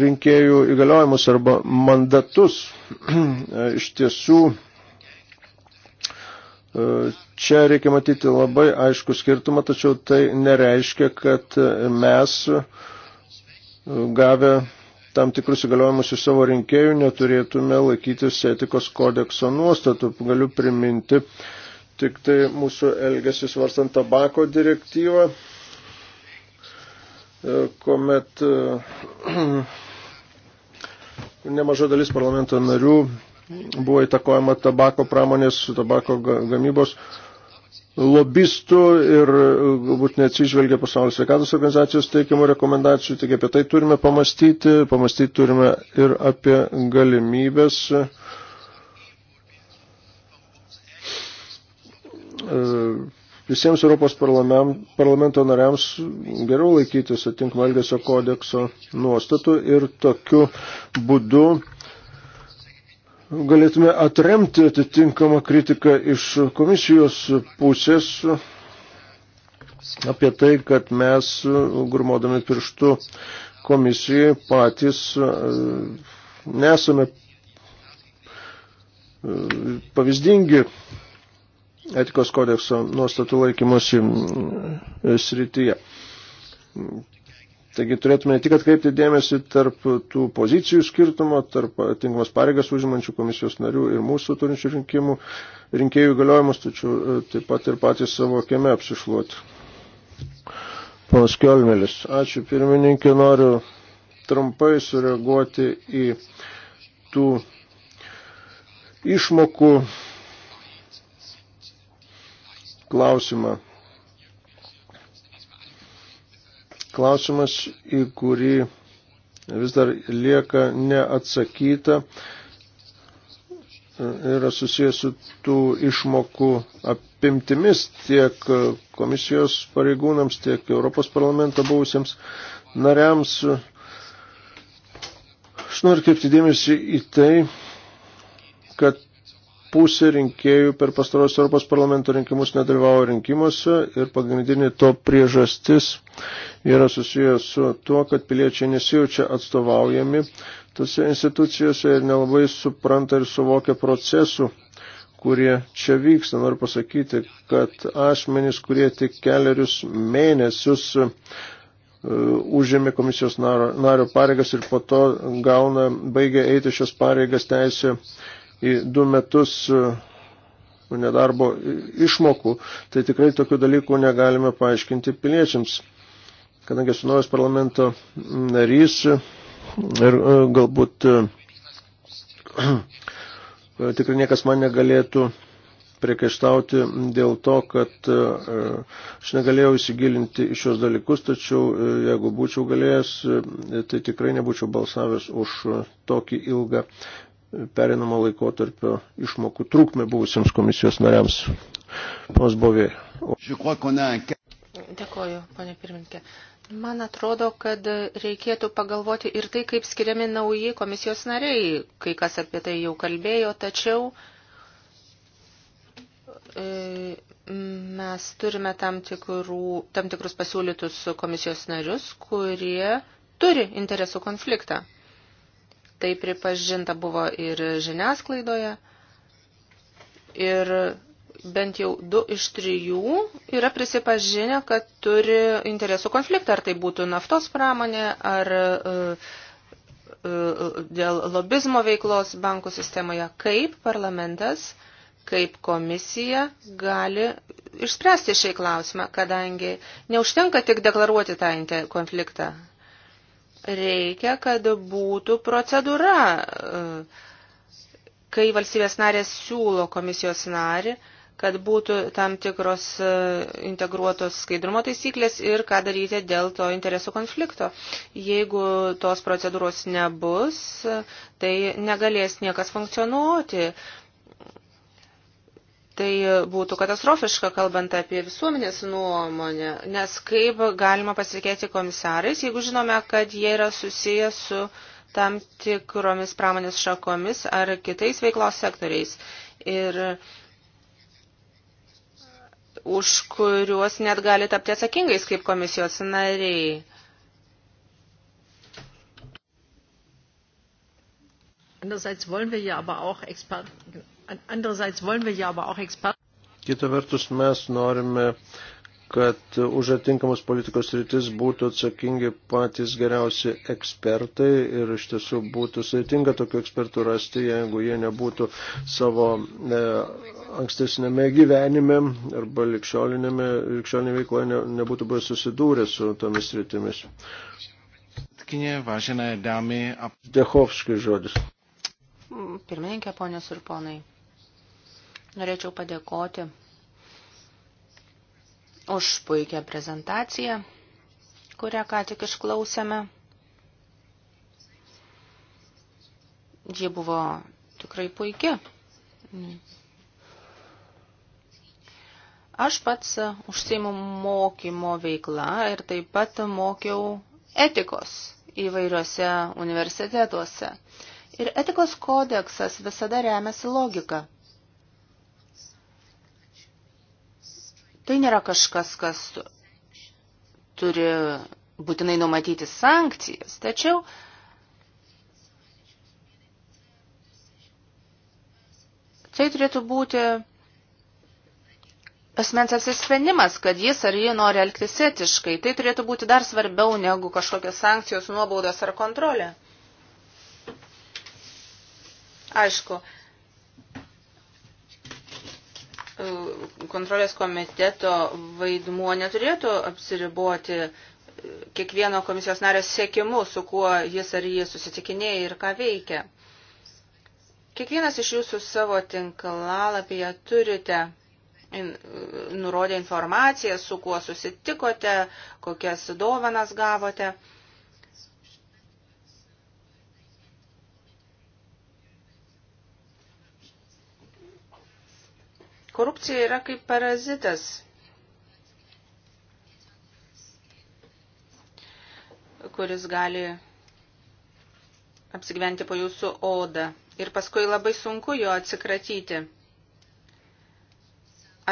rinkėjų įgaliojimus arba mandatus. Iš tiesų, E, čia reikia matyti labai aišku skirtumą, tačiau tai nereiškia, kad mes e, gavę tam tikrus įgaliojimus iš savo rinkėjų neturėtume laikytis etikos kodekso nuostatų. Galiu priminti tik tai mūsų elgesį svarstant tabako direktyvą, e, kuomet nemaža dalis parlamento narių buvo įtakojama tabako pramonės, tabako gamybos lobistų ir e, galbūt neatsižvelgia pasaulio sveikatos organizacijos teikiamų rekomendacijų. Taigi apie tai turime pamastyti, pamastyti turime ir apie galimybės e, visiems Europos parlamento nariams geriau laikytis atinkamo elgesio kodekso nuostatų ir tokiu būdu galėtume atremti atitinkamą kritiką iš komisijos pusės apie tai, kad mes, gurmodami pirštų komisijai, patys e, nesame e, pavyzdingi etikos kodekso nuostatų laikymosi e, srityje. Taigi turėtume ne tik atkreipti dėmesį tarp tų pozicijų skirtumo, tarp atinkamas pareigas užimančių komisijos narių ir mūsų turinčių rinkimų, rinkėjų galiojimus, tačiau e, taip pat ir patys savo kieme apsišluoti. Panas Kielmelis, ačiū pirmininkė, noriu trumpai sureaguoti į tų išmokų klausimą. klausimas, į kurį vis dar lieka neatsakyta, yra susijęs su tų išmokų apimtimis tiek komisijos pareigūnams, tiek Europos parlamento buvusiems nariams. Aš noriu kreipti dėmesį į tai, kad pusė rinkėjų per pastarosius Europos parlamento rinkimus nedalyvavo rinkimuose ir pagrindinė to priežastis yra susijęs su tuo, kad piliečiai nesijaučia atstovaujami tose institucijose ir nelabai supranta ir suvokia procesų, kurie čia vyksta. Noriu pasakyti, kad asmenys, kurie tik keliarius mėnesius e, užėmė komisijos nario, nario pareigas ir po to gauna, baigia eiti šios pareigas teisė į du metus e, nedarbo išmokų, tai tikrai tokių dalykų negalime paaiškinti piliečiams. Kadangi esu naujas parlamento narys ir e, galbūt e, tikrai niekas man negalėtų priekaištauti dėl to, kad aš negalėjau įsigilinti į šios dalykus, tačiau jeigu būčiau galėjęs, tai tikrai nebūčiau balsavęs už tokį ilgą perinamo laikotarpio išmokų trukmę buvusiems komisijos nariams. Pons Bovė. Dėkoju, ponė pirmininkė. Man atrodo, kad reikėtų pagalvoti ir tai, kaip skiriami nauji komisijos nariai. Kai kas apie tai jau kalbėjo, tačiau e, mes turime tam, tikrų, tam tikrus pasiūlytus komisijos narius, kurie turi interesų konfliktą. Tai pripažinta buvo ir žiniasklaidoje. Ir bent jau du iš trijų yra prisipažinę, kad turi interesų konfliktą, ar tai būtų naftos pramonė, ar uh, uh, dėl lobizmo veiklos bankų sistemoje. Kaip parlamentas, kaip komisija gali išspręsti šiai klausimą, kadangi neužtenka tik deklaruoti tą konfliktą reikia, kad būtų procedūra, kai valstybės narės siūlo komisijos narį, kad būtų tam tikros e, integruotos skaidrumo taisyklės ir ką daryti dėl to interesų konflikto. Jeigu tos procedūros nebus, tai negalės niekas funkcionuoti. Tai būtų katastrofiška, kalbant apie visuomenės nuomonę, nes kaip galima pasitikėti komisarais, jeigu žinome, kad jie yra susiję su tam tikromis pramonės šakomis ar kitais veiklos sektoriais. Ir už kuriuos net gali tapti atsakingais kaip komisijos nariai. Andererseits wollen wir ja aber auch Experten Kita vertus mes norime, kad už atinkamus politikos rytis būtų atsakingi patys geriausi ekspertai ir iš tiesų būtų sveitinga tokių ekspertų rasti, jeigu jie nebūtų savo e, ankstesnėme gyvenime arba likščiolinėme, likščiolinėme veikloje ne, nebūtų buvę susidūrę su tomis rytimis. Dėchovskai žodis. Mm, pirmininkė, ponios ir ponai norėčiau padėkoti už puikią prezentaciją, kurią ką tik išklausėme. Ji buvo tikrai puiki. Aš pats užsiimu mokymo veiklą ir taip pat mokiau etikos įvairiuose universitetuose. Ir etikos kodeksas visada remiasi logika – Tai nėra kažkas, kas turi būtinai numatyti sankcijas, tačiau tai turėtų būti asmens apsisprendimas, kad jis ar ji nori elgtis etiškai. Tai turėtų būti dar svarbiau negu kažkokios sankcijos, nuobaudos ar kontrolė. Aišku, kontrolės komiteto vaidmuo neturėtų apsiriboti e, kiekvieno komisijos nario siekimu, su kuo jis ar jie susitikinėja ir ką veikia. Kiekvienas iš jūsų savo tinklalapyje turite nurodę informaciją, su kuo susitikote, kokias dovanas gavote. Korupcija yra kaip parazitas, kuris gali apsigyventi po jūsų odą. Ir paskui labai sunku jo atsikratyti.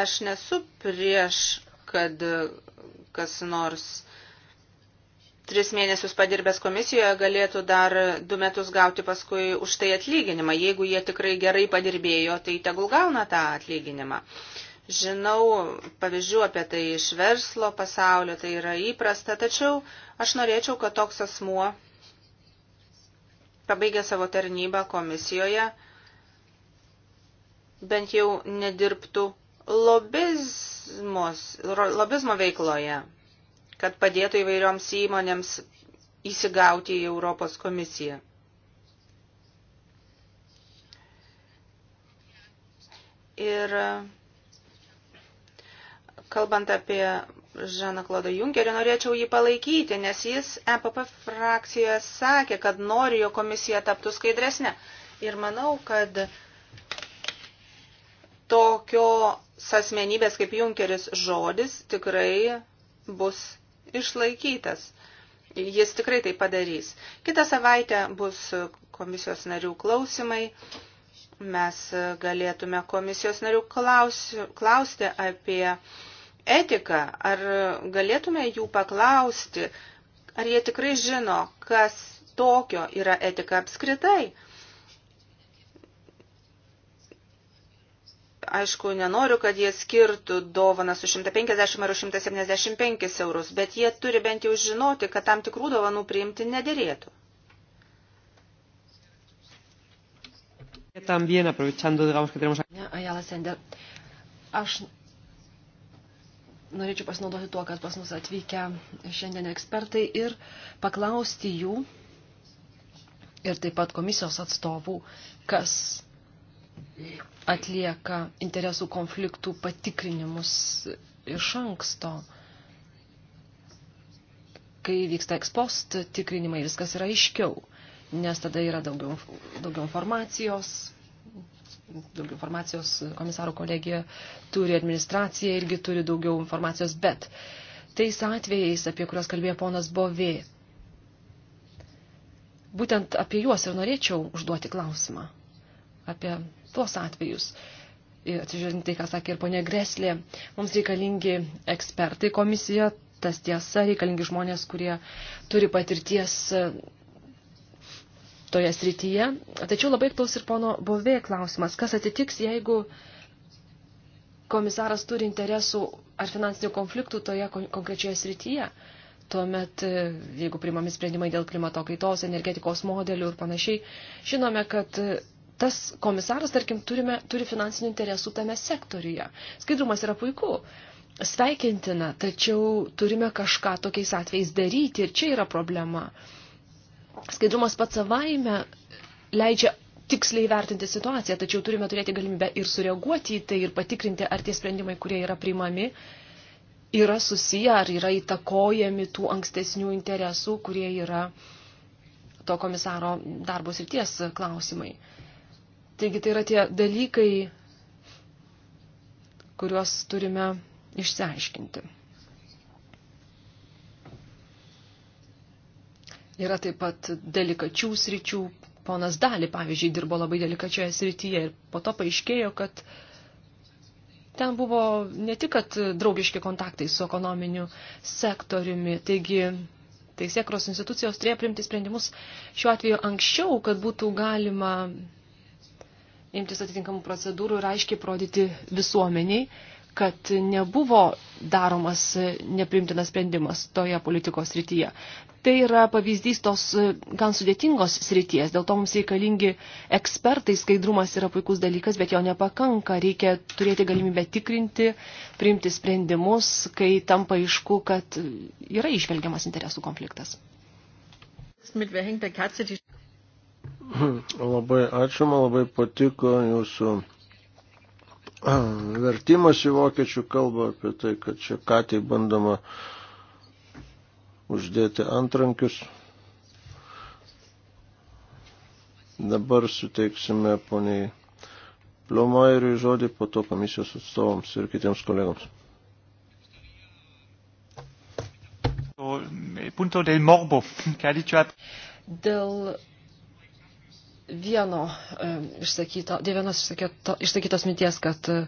Aš nesu prieš, kad kas nors tris mėnesius padirbęs komisijoje galėtų dar du metus gauti paskui už tai atlyginimą. Jeigu jie tikrai gerai padirbėjo, tai tegul gauna tą atlyginimą. Žinau pavyzdžių apie tai iš verslo pasaulio, tai yra įprasta, tačiau aš norėčiau, kad toks asmuo pabaigė savo tarnybą komisijoje bent jau nedirbtų lobizmos, lobizmo veikloje kad padėtų įvairioms įmonėms įsigauti į Europos komisiją. Ir kalbant apie Žaną Klodą Junkerį, norėčiau jį palaikyti, nes jis EPP frakcijoje sakė, kad nori, jo komisija taptų skaidresnė. Ir manau, kad tokio asmenybės kaip Junkeris žodis tikrai bus išlaikytas. Jis tikrai tai padarys. Kita savaitė bus komisijos narių klausimai. Mes galėtume komisijos narių klausti apie etiką. Ar galėtume jų paklausti, ar jie tikrai žino, kas tokio yra etika apskritai? Aišku, nenoriu, kad jie skirtų dovanas už 150 ar 175 eurus, bet jie turi bent jau žinoti, kad tam tikrų dovanų priimti nederėtų. También, aprovechando, digamos, que tenemos aquí... Ayala Sender, aš norėčiau pasinaudoti tuo, kad pas mus atvykę šiandien ekspertai ir paklausti jų ir taip pat komisijos atstovų, kas atlieka interesų konfliktų patikrinimus iš anksto. Kai vyksta ekspost tikrinimai, viskas yra aiškiau, nes tada yra daugiau, daugiau informacijos, daugiau informacijos komisaro kolegija turi, administracija irgi turi daugiau informacijos, bet tais atvejais, apie kuriuos kalbėjo ponas Bovė, būtent apie juos ir norėčiau užduoti klausimą, apie tuos atvejus. Ir atsižiūrint tai, ką sakė ir ponė Greslė, mums reikalingi ekspertai komisija, tas tiesa, reikalingi žmonės, kurie turi patirties e, toje srityje. Tačiau labai klaus ir pono Bovė klausimas, kas atitiks, jeigu komisaras turi interesų ar finansinių konfliktų toje konkrečioje srityje. Tuomet, e, jeigu primami sprendimai dėl klimato kaitos, energetikos modelių ir panašiai, žinome, kad e, tas komisaras, tarkim, turime, turi finansinių interesų tame sektoriuje. Skaidrumas yra puiku, sveikintina, tačiau turime kažką tokiais atvejais daryti ir čia yra problema. Skaidrumas pats savaime leidžia tiksliai vertinti situaciją, tačiau turime turėti galimybę ir sureaguoti į tai ir patikrinti, ar tie sprendimai, kurie yra priimami, yra susiję, ar yra įtakojami tų ankstesnių interesų, kurie yra to komisaro darbos ir ties klausimai. Taigi tai yra tie dalykai, kuriuos turime išsiaiškinti. Yra taip pat delikačių sričių. Ponas Dali, pavyzdžiui, dirbo labai delikačioje srityje ir po to paaiškėjo, kad ten buvo ne tik, kad draugiški kontaktai su ekonominiu sektoriumi, taigi teisėkros institucijos turėjo primti sprendimus šiuo atveju anksčiau, kad būtų galima imtis atitinkamų procedūrų ir aiškiai parodyti visuomeniai, kad nebuvo daromas neprimtinas sprendimas toje politikos srityje. Tai yra pavyzdys tos gan sudėtingos srities, dėl to mums reikalingi ekspertai, skaidrumas yra puikus dalykas, bet jo nepakanka, reikia turėti galimybę tikrinti, priimti sprendimus, kai tampa išku, kad yra išvelgiamas interesų konfliktas. Labai ačiū, man labai patiko jūsų vertimas į vokiečių kalbą apie tai, kad čia ką tai bandoma uždėti antrankius. Dabar suteiksime poniai Pliomairiui žodį, po to komisijos atstovams ir kitiems kolegams. Dėl vieno e, išsakyto, dėl vienos išsakyto, išsakytos minties, kad e,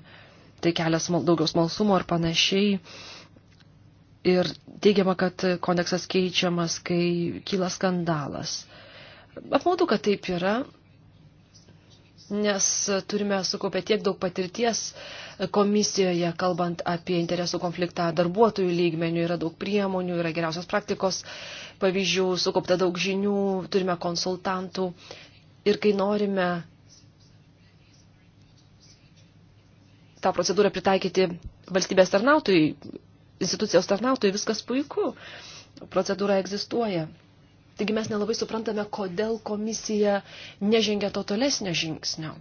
tai kelia smal, daugiau smalsumo ir panašiai. Ir teigiama, kad kodeksas keičiamas, kai kyla skandalas. Apmaudu, kad taip yra, nes turime sukaupę tiek daug patirties komisijoje, kalbant apie interesų konfliktą darbuotojų lygmenių, yra daug priemonių, yra geriausios praktikos pavyzdžių, sukaupta daug žinių, turime konsultantų Ir kai norime tą procedūrą pritaikyti valstybės tarnautojai, institucijos tarnautojai, viskas puiku. Procedūra egzistuoja. Taigi mes nelabai suprantame, kodėl komisija nežengia to tolesnio žingsnio.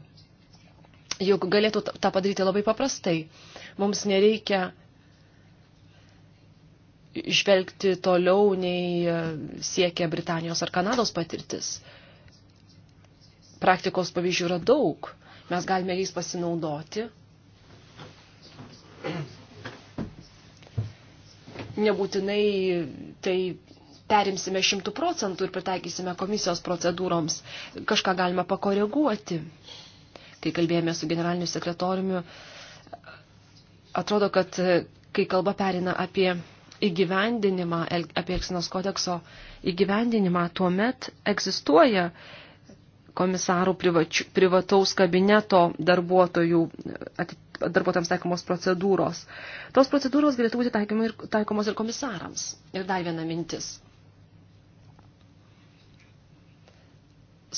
Juk galėtų tą padaryti labai paprastai. Mums nereikia žvelgti toliau nei siekia Britanijos ar Kanados patirtis praktikos pavyzdžių yra daug. Mes galime jais pasinaudoti. Nebūtinai tai perimsime šimtų procentų ir pritaikysime komisijos procedūroms. Kažką galime pakoreguoti. Kai kalbėjome su generaliniu sekretoriumi, atrodo, kad kai kalba perina apie įgyvendinimą, apie Elksinos kodekso įgyvendinimą, tuomet egzistuoja komisarų privačių, privataus kabineto darbuotojų darbuotojams taikomos procedūros. Tos procedūros galėtų būti taikomos ir, taikomos ir komisarams. Ir dar viena mintis.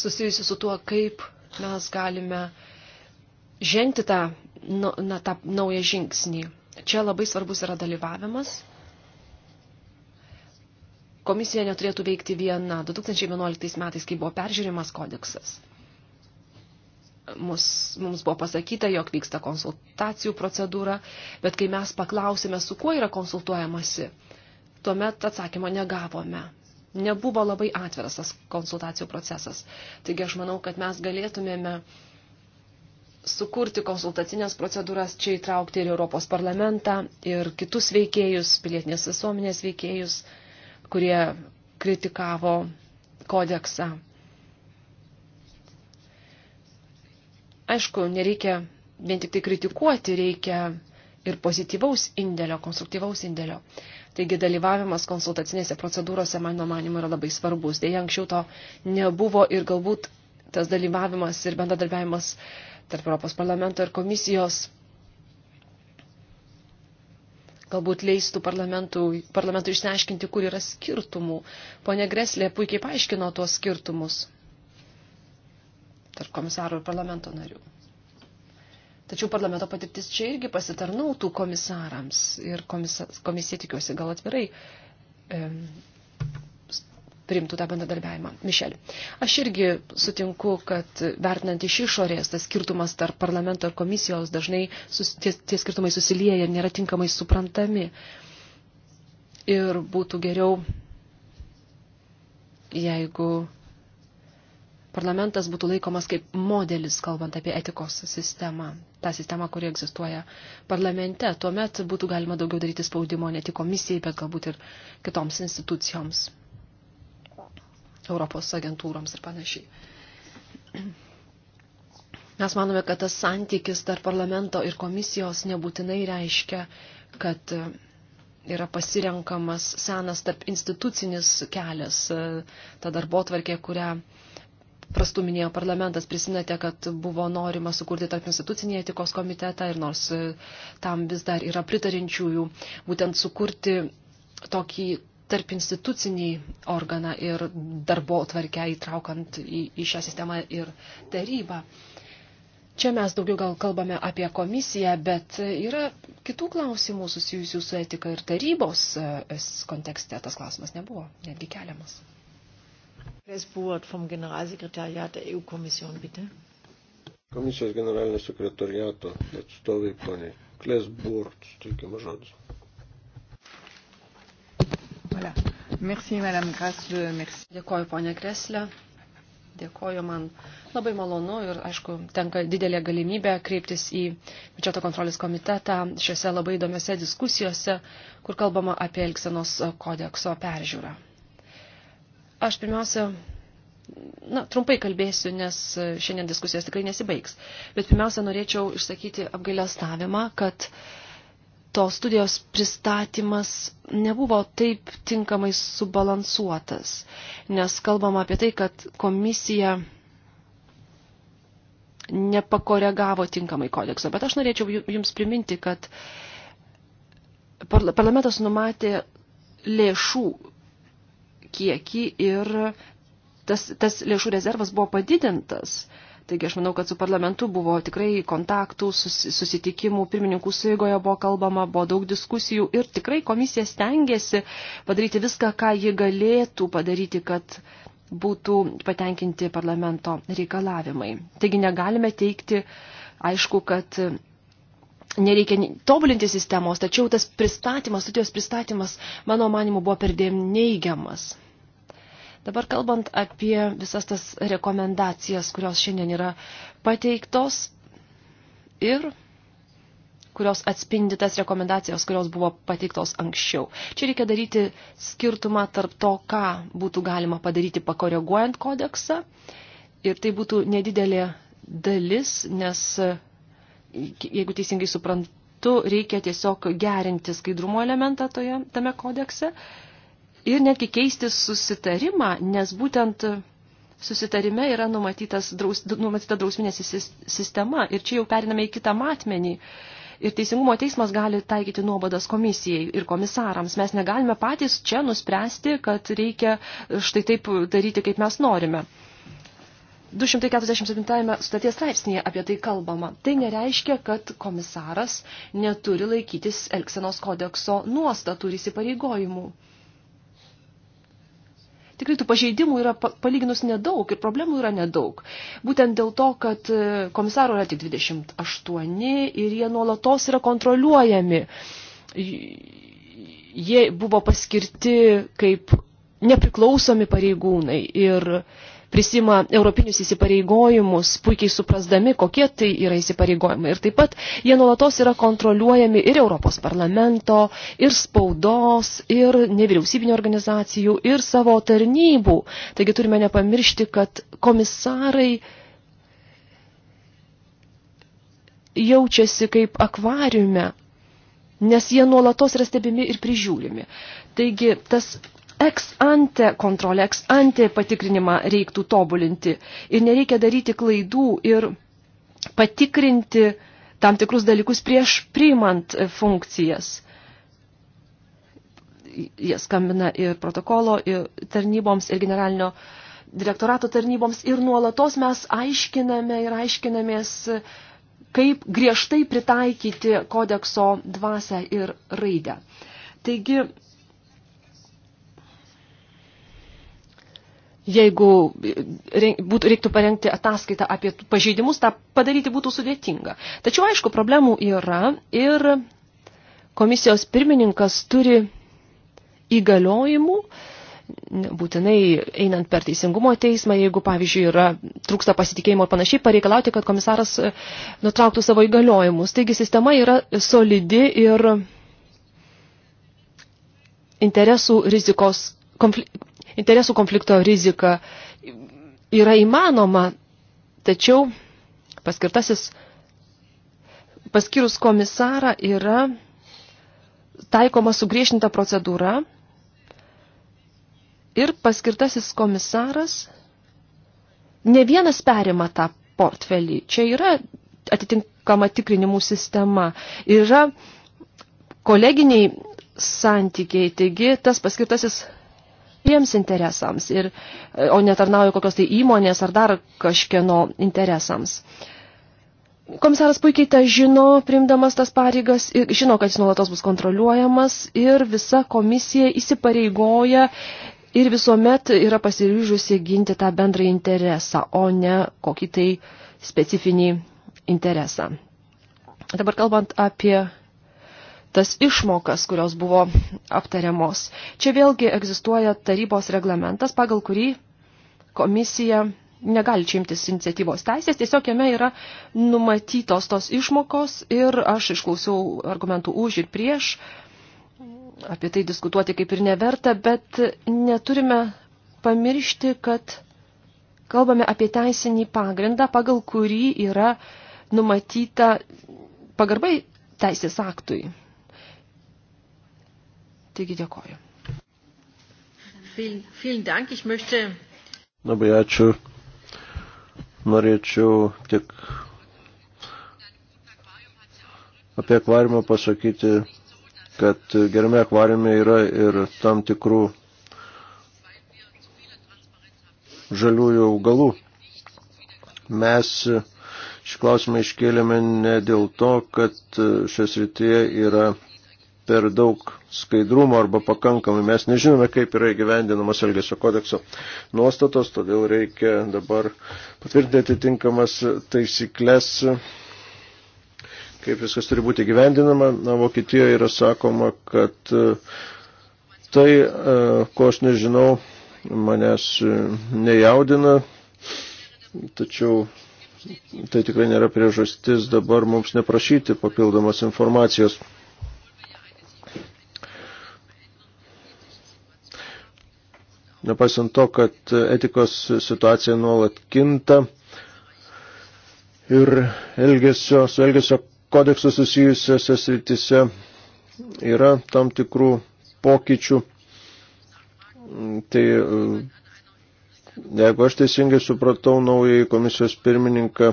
Susijusi su tuo, kaip mes galime žengti tą, nu, na, tą naują žingsnį. Čia labai svarbus yra dalyvavimas komisija neturėtų veikti viena. 2011 metais, kai buvo peržiūrimas kodeksas, mus, mums buvo pasakyta, jog vyksta konsultacijų procedūra, bet kai mes paklausėme, su kuo yra konsultuojamasi, tuomet atsakymo negavome. Nebuvo labai atviras tas konsultacijų procesas. Taigi aš manau, kad mes galėtumėme sukurti konsultacinės procedūras, čia įtraukti ir Europos parlamentą, ir kitus veikėjus, pilietinės visuomenės veikėjus, veikėjus kurie kritikavo kodeksą. Aišku, nereikia vien tik tai kritikuoti, reikia ir pozityvaus indėlio, konstruktyvaus indėlio. Taigi dalyvavimas konsultacinėse procedūrose, mano manimu, yra labai svarbus. Deja, anksčiau to nebuvo ir galbūt tas dalyvavimas ir bendradarbiavimas tarp Europos parlamento ir komisijos galbūt leistų parlamentui išneškinti, kur yra skirtumų. Pone Greslė puikiai paaiškino tuos skirtumus tarp komisarų ir parlamento narių. Tačiau parlamento patirtis čia irgi pasitarnautų komisarams ir komisa, komisija tikiuosi gal atvirai e, primtų tą bendradarbiavimą. Mišel, aš irgi sutinku, kad vertinant iš išorės, tas skirtumas tarp parlamento ir komisijos dažnai sus, tie, tie skirtumai susilieja ir nėra tinkamai suprantami. Ir būtų geriau, jeigu parlamentas būtų laikomas kaip modelis, kalbant apie etikos sistemą, tą sistemą, kuri egzistuoja parlamente. Tuomet būtų galima daugiau daryti spaudimo ne tik komisijai, bet galbūt ir kitoms institucijoms. Europos agentūroms ir panašiai. Mes manome, kad tas santykis tarp parlamento ir komisijos nebūtinai reiškia, kad e, yra pasirenkamas senas tarp institucinis kelias, e, ta darbo tvarkė, kurią prastuminėjo parlamentas, prisimnate, kad buvo norima sukurti tarp institucinį etikos komitetą ir nors e, tam vis dar yra pritarinčiųjų, būtent sukurti tokį tarp institucinį organą ir darbo tvarkę įtraukant į, į šią sistemą ir tarybą. Čia mes daugiau gal kalbame apie komisiją, bet yra kitų klausimų susijusių su etika ir tarybos e, kontekste. Tas klausimas nebuvo netgi keliamas. E Komisijos generalinio sekretoriato atstovai poniai Klesburt, suteikiamas žodis. Voilà. Merci, Madame Grasle. Merci. Dėkoju, ponė Kreslė. Dėkoju, man labai malonu ir, aišku, tenka didelė galimybė kreiptis į biudžeto kontrolės komitetą šiuose labai įdomiose diskusijose, kur kalbama apie Elksenos kodekso peržiūrą. Aš pirmiausia, na, trumpai kalbėsiu, nes šiandien diskusijos tikrai nesibaigs, bet pirmiausia norėčiau išsakyti apgailestavimą, kad uh, tos studijos pristatymas nebuvo taip tinkamai subalansuotas, nes kalbama apie tai, kad komisija nepakoregavo tinkamai kodekso. Bet aš norėčiau jums priminti, kad parlamentas numatė lėšų kiekį ir tas, tas lėšų rezervas buvo padidintas. Uh, Taigi aš manau, kad su parlamentu buvo tikrai kontaktų, susitikimų, pirmininkų suigoje buvo kalbama, buvo daug diskusijų ir tikrai komisija stengiasi padaryti viską, ką ji galėtų padaryti, kad būtų patenkinti parlamento reikalavimai. Taigi negalime teikti, aišku, kad nereikia tobulinti sistemos, tačiau tas pristatymas, studijos pristatymas, mano manimu, buvo perdėm neigiamas. Dabar kalbant apie visas tas rekomendacijas, kurios šiandien yra pateiktos ir kurios atspindi tas rekomendacijos, kurios buvo pateiktos anksčiau. Čia reikia daryti skirtumą tarp to, ką būtų galima padaryti pakoreguojant kodeksą. Ir tai būtų nedidelė dalis, nes, jeigu teisingai suprantu, reikia tiesiog gerinti skaidrumo elementą toje, tame kodekse. Uh, ir netgi keisti susitarimą, nes būtent susitarime yra draus, numatyta drausminė sistema ir čia jau periname į kitą matmenį. Ir Teisingumo teismas gali taikyti nuobodas komisijai ir komisarams. Mes negalime patys čia nuspręsti, kad reikia štai taip daryti, kaip mes norime. 247 sutarties straipsnėje apie tai kalbama. Tai nereiškia, kad komisaras neturi laikytis Elksenos kodekso nuostatų ir įsipareigojimų tikrai tų pažeidimų yra palyginus nedaug ir problemų yra nedaug. Būtent dėl to, kad e, komisaro yra tik 28 ir jie nuolatos yra kontroliuojami. Jie buvo paskirti kaip nepriklausomi pareigūnai ir prisima europinius įsipareigojimus, puikiai suprasdami, kokie tai yra įsipareigojimai. Ir taip pat jie nuolatos yra kontroliuojami ir Europos parlamento, ir spaudos, ir nevyriausybinio organizacijų, ir savo tarnybų. Taigi turime nepamiršti, kad komisarai jaučiasi kaip akvariume, nes jie nuolatos yra stebimi ir prižiūrimi. Taigi tas ex ante kontrolę, ex ante patikrinimą reiktų tobulinti. Ir nereikia daryti klaidų ir patikrinti tam tikrus dalykus prieš priimant funkcijas. Jie skambina ir protokolo ir tarnyboms, ir generalinio direktorato tarnyboms, ir nuolatos mes aiškiname ir aiškinamės, kaip griežtai pritaikyti kodekso dvasę ir raidę. Taigi, jeigu e, būtų, reiktų parengti ataskaitą apie pažeidimus, tą padaryti būtų sudėtinga. Tačiau, aišku, problemų yra ir komisijos pirmininkas turi įgaliojimų, būtinai einant per teisingumo teismą, jeigu, pavyzdžiui, yra trūksta pasitikėjimo ir panašiai, pareikalauti, kad komisaras e, nutrauktų savo įgaliojimus. Taigi sistema yra solidi ir interesų rizikos konflik interesų konflikto rizika yra įmanoma, tačiau paskirtasis paskyrus komisarą yra taikoma sugriešinta procedūra ir paskirtasis komisaras ne vienas perima tą portfelį. Čia yra atitinkama tikrinimų sistema, yra koleginiai santykiai, taigi tas paskirtasis jiems interesams, ir, e, o netarnauja kokios tai įmonės ar dar kažkieno interesams. Komisaras puikiai tą žino, primdamas tas pareigas, ir žino, kad jis nuolatos bus kontroliuojamas ir visa komisija įsipareigoja ir visuomet yra pasiryžusi ginti tą bendrą interesą, o ne kokį tai specifinį interesą. Dabar kalbant apie tas išmokas, kurios buvo aptariamos. Čia vėlgi egzistuoja tarybos reglamentas, pagal kurį komisija negali čia imtis iniciatyvos teisės, tiesiog jame yra numatytos tos išmokos ir aš išklausiau argumentų už ir prieš, apie tai diskutuoti kaip ir neverta, bet neturime pamiršti, kad kalbame apie teisinį pagrindą, pagal kurį yra numatyta pagarbai teisės aktui. Taigi dėkoju. Labai ačiū. Norėčiau tik apie akvariumą pasakyti, kad gerame akvariume yra ir tam tikrų žaliųjų augalų. Mes šį klausimą iškėlėme ne dėl to, kad šios rytyje yra per daug skaidrumo arba pakankamai. Mes nežinome, kaip yra įgyvendinamas Elgesio kodekso nuostatos, todėl reikia dabar patvirtinti atitinkamas taisyklės, kaip viskas turi būti įgyvendinama. Na, Vokietijoje yra sakoma, kad e, tai, e, ko aš nežinau, manęs e, nejaudina, tačiau tai tikrai nėra priežastis dabar mums neprašyti papildomos informacijos. nepaisant to, kad etikos situacija nuolat kinta ir elgesio, su elgesio kodeksu susijusiose srityse yra tam tikrų pokyčių. Tai jeigu aš teisingai supratau naująjį komisijos pirmininką,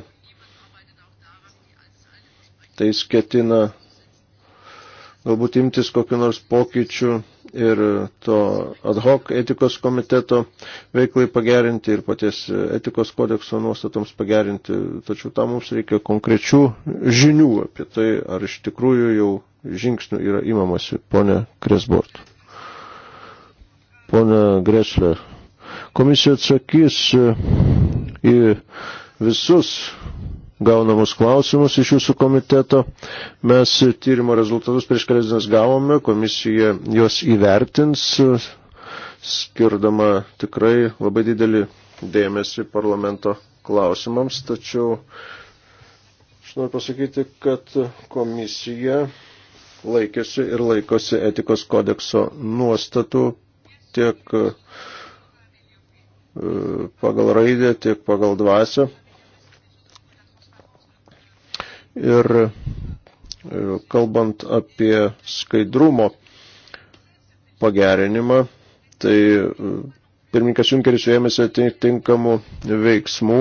tai jis ketina galbūt imtis kokiu nors pokyčiu ir e, to ad hoc etikos komiteto veiklai pagerinti ir paties e, etikos kodekso nuostatoms pagerinti, tačiau tam mums reikia konkrečių žinių apie tai, ar iš tikrųjų jau žingsnių yra imamasi, ponė Kresbort. Pone Gresler, komisija atsakys e, į visus gaunamus klausimus iš jūsų komiteto. Mes tyrimo rezultatus prieš kelias dienas gavome, komisija juos įvertins, skirdama tikrai labai didelį dėmesį parlamento klausimams, tačiau aš noriu pasakyti, kad komisija laikėsi ir laikosi etikos kodekso nuostatų tiek e, pagal raidę, tiek pagal dvasę. Ir e, kalbant apie skaidrumo pagerinimą, tai e, pirmininkas Junkeris ėmėsi atitinkamų veiksmų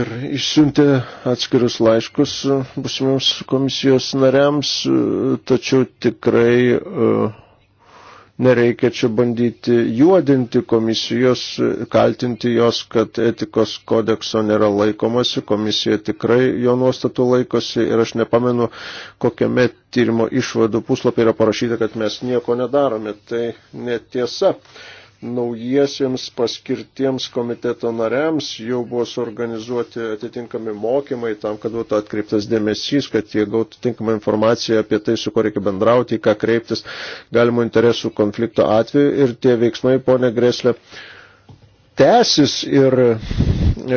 ir išsiuntė atskirius laiškus busimiems komisijos nariams, tačiau tikrai uh, nereikia čia bandyti juodinti komisijos, kaltinti jos, kad etikos kodekso nėra laikomasi, komisija tikrai jo nuostatų laikosi ir aš nepamenu, kokiame tyrimo išvadų puslapį yra parašyta, kad mes nieko nedarome. Tai netiesa naujiesiems paskirtiems komiteto nariams jau buvo suorganizuoti atitinkami mokymai tam, kad būtų atkreiptas dėmesys, kad jie gautų tinkamą informaciją apie tai, su kuo reikia bendrauti, ką kreiptis galimų interesų konflikto atveju ir tie veiksmai, ponė Greslė, tęsis ir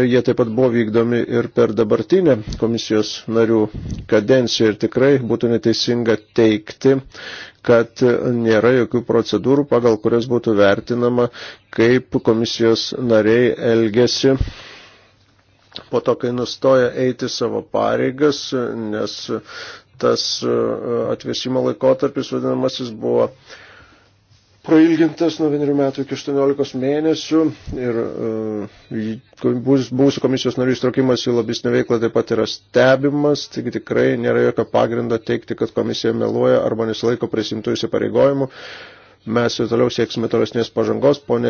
jie taip pat buvo vykdomi ir per dabartinę komisijos narių kadenciją ir tikrai būtų neteisinga teikti, kad nėra jokių procedūrų, pagal kurias būtų vertinama, kaip komisijos nariai elgesi po to, kai nustoja eiti savo pareigas, nes tas atvėsimo laikotarpis vadinamasis buvo prailgintas nuo 1 metų iki 18 mėnesių ir e, buvusių komisijos narių įstraukimas į lobistinę veiklą taip pat yra stebimas, taigi tikrai nėra jokio pagrindo teikti, kad komisija meluoja arba nesilaiko prisimtų įsipareigojimų. Mes ir toliau sieksime tolesnės pažangos. Pone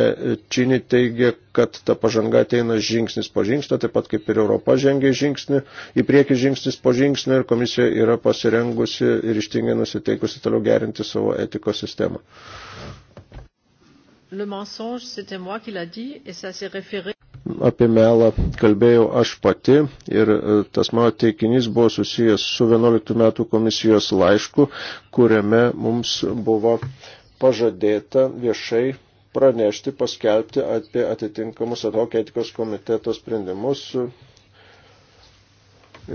Čini teigia, kad ta pažanga ateina žingsnis po žingsnio, taip pat kaip ir Europa žengia žingsnį, į priekį žingsnis po žingsnio ir komisija yra pasirengusi ir ištingai nusiteikusi toliau gerinti savo etikos sistemą le mensonge, c'était moi qui l'a dit, et ça s'est référé. Apie melą kalbėjau aš pati ir e, tas mano teikinys buvo susijęs su 11 metų komisijos laišku, kuriame mums buvo pažadėta viešai pranešti, paskelbti apie atitinkamus atokio etikos komiteto sprendimus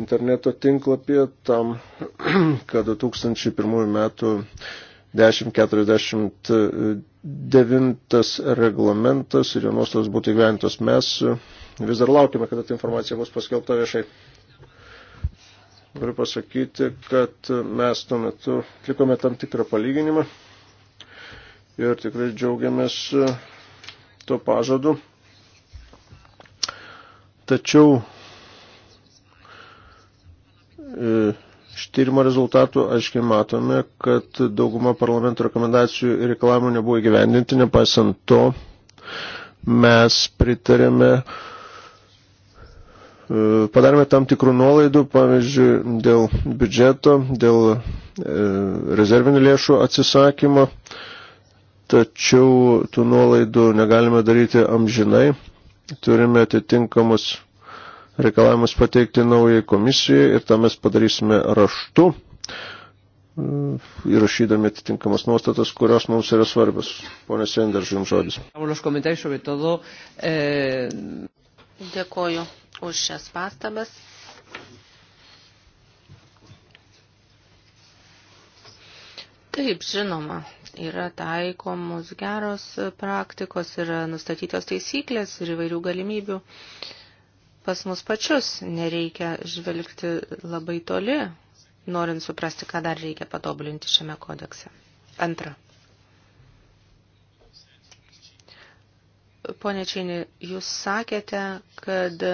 interneto tinklapyje tam, kad 2001 metų 1049 devintas reglamentas ir jo nuostatos būtų įgyventos. Mes uh, vis dar laukime, kada ta informacija bus paskelbta viešai. Galiu pasakyti, kad uh, mes tuo metu atlikome tam tikrą palyginimą ir tikrai džiaugiamės uh, tuo pažadu. Tačiau Iš tyrimo rezultatų aiškiai matome, kad dauguma parlamento rekomendacijų ir reklamų nebuvo įgyvendinti, nepaisant to mes pritarėme, e, padarėme tam tikrų nuolaidų, pavyzdžiui, dėl biudžeto, dėl e, rezervinių lėšų atsisakymo, tačiau tų nuolaidų negalime daryti amžinai, turime atitinkamus reikalavimus pateikti naujai komisijai ir tą mes padarysime raštu, e, įrašydami atitinkamas nuostatas, kurios mums yra svarbios. Pone Senders, jums žodis. Eh, Dėkoju už šias pastabas. Taip, žinoma, yra taikomos geros praktikos, yra nustatytos taisyklės ir įvairių galimybių. Uh, pas mus pačius nereikia žvelgti labai toli, norint suprasti, ką dar reikia patobulinti šiame kodekse. Antra. Pone Čini, jūs sakėte, kad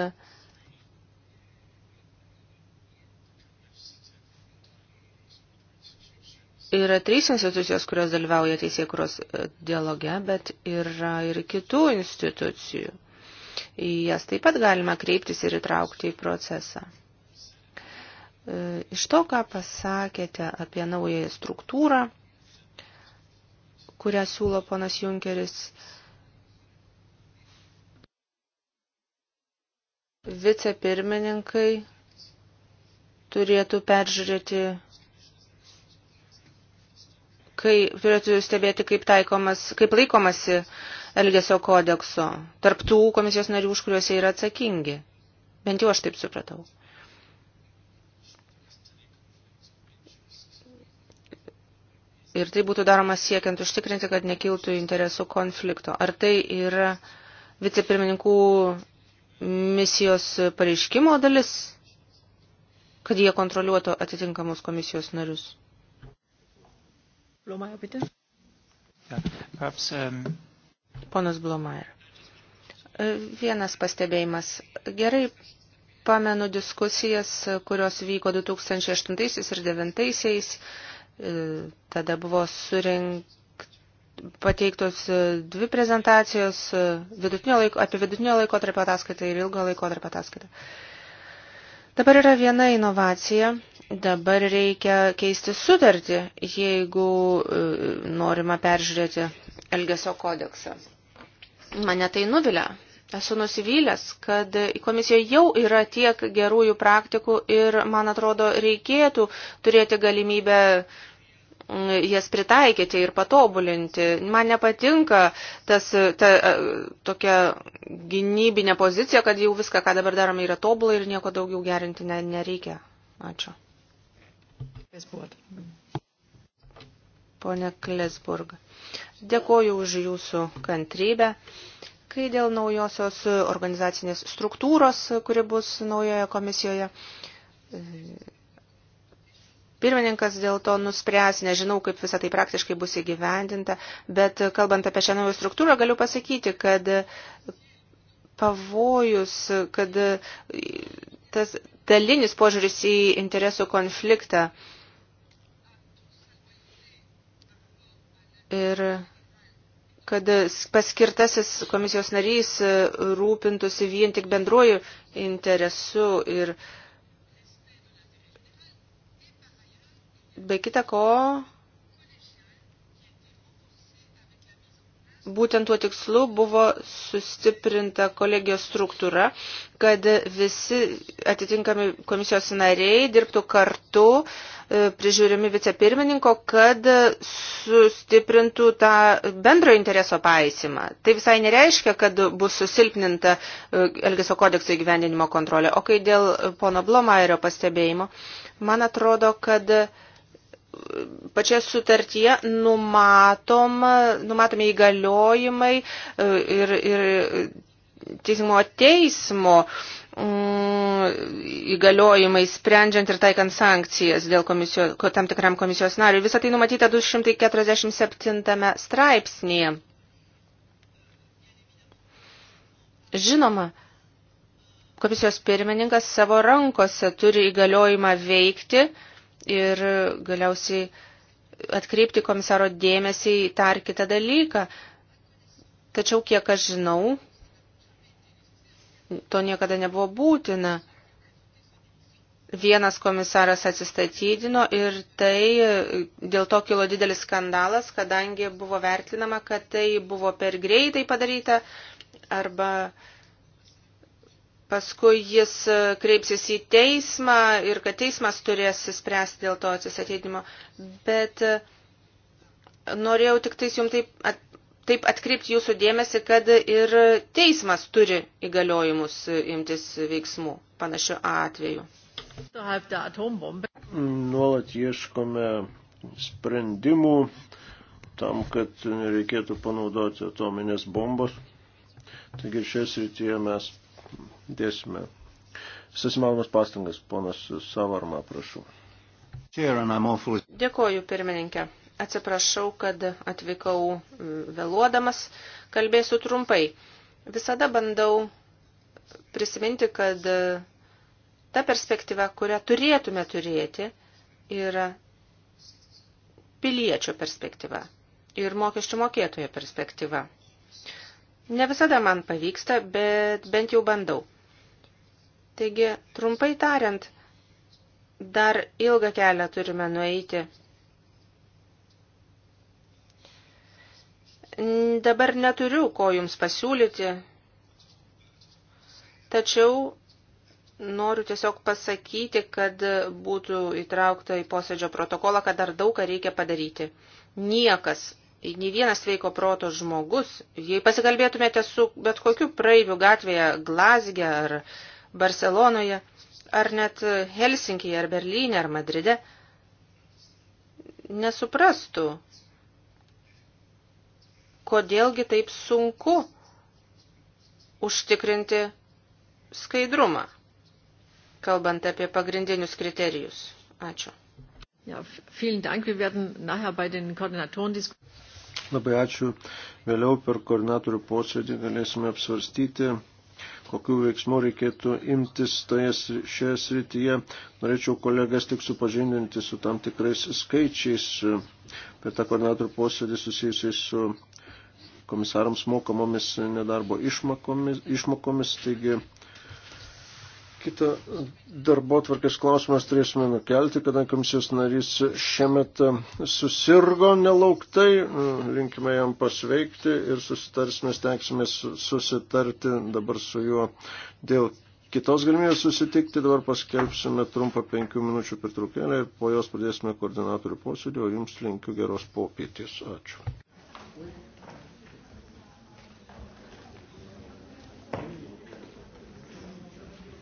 yra trys institucijos, kurios dalyvauja teisėkuros dialoge, bet yra ir kitų institucijų į jas taip pat galima kreiptis ir įtraukti į procesą. E, iš to, ką pasakėte apie naują struktūrą, kurią siūlo ponas Junkeris, vicepirmininkai turėtų peržiūrėti, kai, turėtų stebėti, kaip, taikomas, kaip laikomasi uh, Elgesio kodekso, tarptų komisijos narių, už kuriuose yra atsakingi. Bent jau aš taip supratau. Ir tai būtų daroma siekiant užtikrinti, kad nekiltų interesų konflikto. Ar tai yra vicepirmininkų misijos pareiškimo dalis, kad jie kontroliuotų atitinkamus komisijos narius? Blomaja, bitte. Ja, perhaps, um... Ponas Blomair. E, vienas pastebėjimas. Gerai pamenu diskusijas, kurios vyko 2008 ir 2009. E, tada buvo surinkta pateiktos e, dvi prezentacijos vidutinio laiko, apie vidutinio laiko tarp ataskaitą ir ilgo laiko tarp ataskaitą. Dabar yra viena inovacija, dabar reikia keisti sutartį, jeigu norima peržiūrėti Elgesio kodeksą. Mane tai nuvilia. Esu nusivylęs, kad komisijoje jau yra tiek gerųjų praktikų ir, man atrodo, reikėtų turėti galimybę mm, jas pritaikyti ir patobulinti. Man nepatinka tas, ta tokia gynybinė pozicija, kad jau viską, ką dabar darome, yra tobulai ir nieko daugiau gerinti nereikia. Ačiū ponė Klesburg. Dėkoju už jūsų kantrybę. Kai dėl naujosios organizacinės struktūros, kuri bus naujoje komisijoje, pirmininkas dėl to nuspręs, nežinau, kaip visą tai praktiškai bus įgyvendinta, bet kalbant apie šią naują struktūrą, galiu pasakyti, kad pavojus, kad tas dalinis požiūris į interesų konfliktą ir kad paskirtasis komisijos narys rūpintųsi vien tik bendruoju interesu ir be kita ko būtent tuo tikslu buvo sustiprinta kolegijos struktūra, kad visi atitinkami komisijos nariai dirbtų kartu e, prižiūrimi vicepirmininko, kad sustiprintų tą bendro intereso paaisimą. Tai visai nereiškia, kad bus susilpninta e, Elgeso kodekso įgyvendinimo kontrolė. O kai dėl pono Blomairio pastebėjimo, man atrodo, kad pačioje sutartyje numatom, numatomi įgaliojimai e, ir, ir teisingumo teismo mm, įgaliojimai sprendžiant ir taikant sankcijas dėl komisijos, tam tikram komisijos nariui. Visą tai numatyta 247 straipsnėje. Žinoma, komisijos pirmininkas savo rankose turi įgaliojimą veikti uh, ir galiausiai atkreipti komisaro dėmesį į tą ar kitą dalyką. Tačiau, kiek aš žinau, to niekada nebuvo būtina. Vienas komisaras atsistatydino ir tai dėl to kilo didelis skandalas, kadangi buvo vertinama, kad tai buvo per greitai padaryta arba uh, paskui jis e, kreipsis į teismą ir kad teismas turės spręsti dėl to atsisatydimo. Bet e, norėjau tik tais jums taip, at, taip atkreipti jūsų dėmesį, kad ir teismas turi įgaliojimus e, imtis veiksmų panašių atveju. Nuolat ieškome sprendimų tam, kad nereikėtų panaudoti atominės bombos. Taigi šioje srityje mes dėsime visas įmanomas pastangas. Ponas Savarma, prašau. Dėkoju, pirmininkė. Atsiprašau, kad atvykau mm, vėluodamas. Kalbėsiu trumpai. Visada bandau prisiminti, kad e, ta perspektyva, kurią turėtume turėti, yra piliečio perspektyva ir mokesčių mokėtojo perspektyva. Ne visada man pavyksta, bet bent jau bandau. Taigi, trumpai tariant, dar ilgą kelią turime nueiti. Dabar neturiu ko jums pasiūlyti, tačiau noriu tiesiog pasakyti, kad būtų įtraukta į posėdžio protokolą, kad dar daug ką reikia padaryti. Niekas nei vienas sveiko proto žmogus, jei pasikalbėtumėte su bet kokiu praeiviu gatvėje Glazge ar Barcelonoje, ar net Helsinkije, ar Berlyne, ar Madride, nesuprastų, kodėlgi taip sunku užtikrinti skaidrumą, kalbant apie pagrindinius kriterijus. Ačiū. Ja, vielen Dank. Wir werden nachher bei den Koordinatoren diskutieren. Labai ačiū. Vėliau per koordinatorių posėdį galėsime apsvarstyti kokiu veiksmu reikėtų imtis toje, šioje srityje. Norėčiau kolegas tik supažindinti su tam tikrais skaičiais per tą koordinatorių posėdį susijusiais su komisarams mokamomis nedarbo išmokomis. išmokomis taigi, Kita darbo tvarkės klausimas turėsime nukelti, kadangi komisijos narys šiemet e, susirgo nelauktai, nu, linkime jam pasveikti ir susitarsime, stengsime susitarti dabar su juo dėl kitos galimybės susitikti. Dabar paskelbsime trumpą penkių minučių pertraukėlę ir po jos pradėsime koordinatorių posėdį, o jums linkiu geros popietės. Ačiū.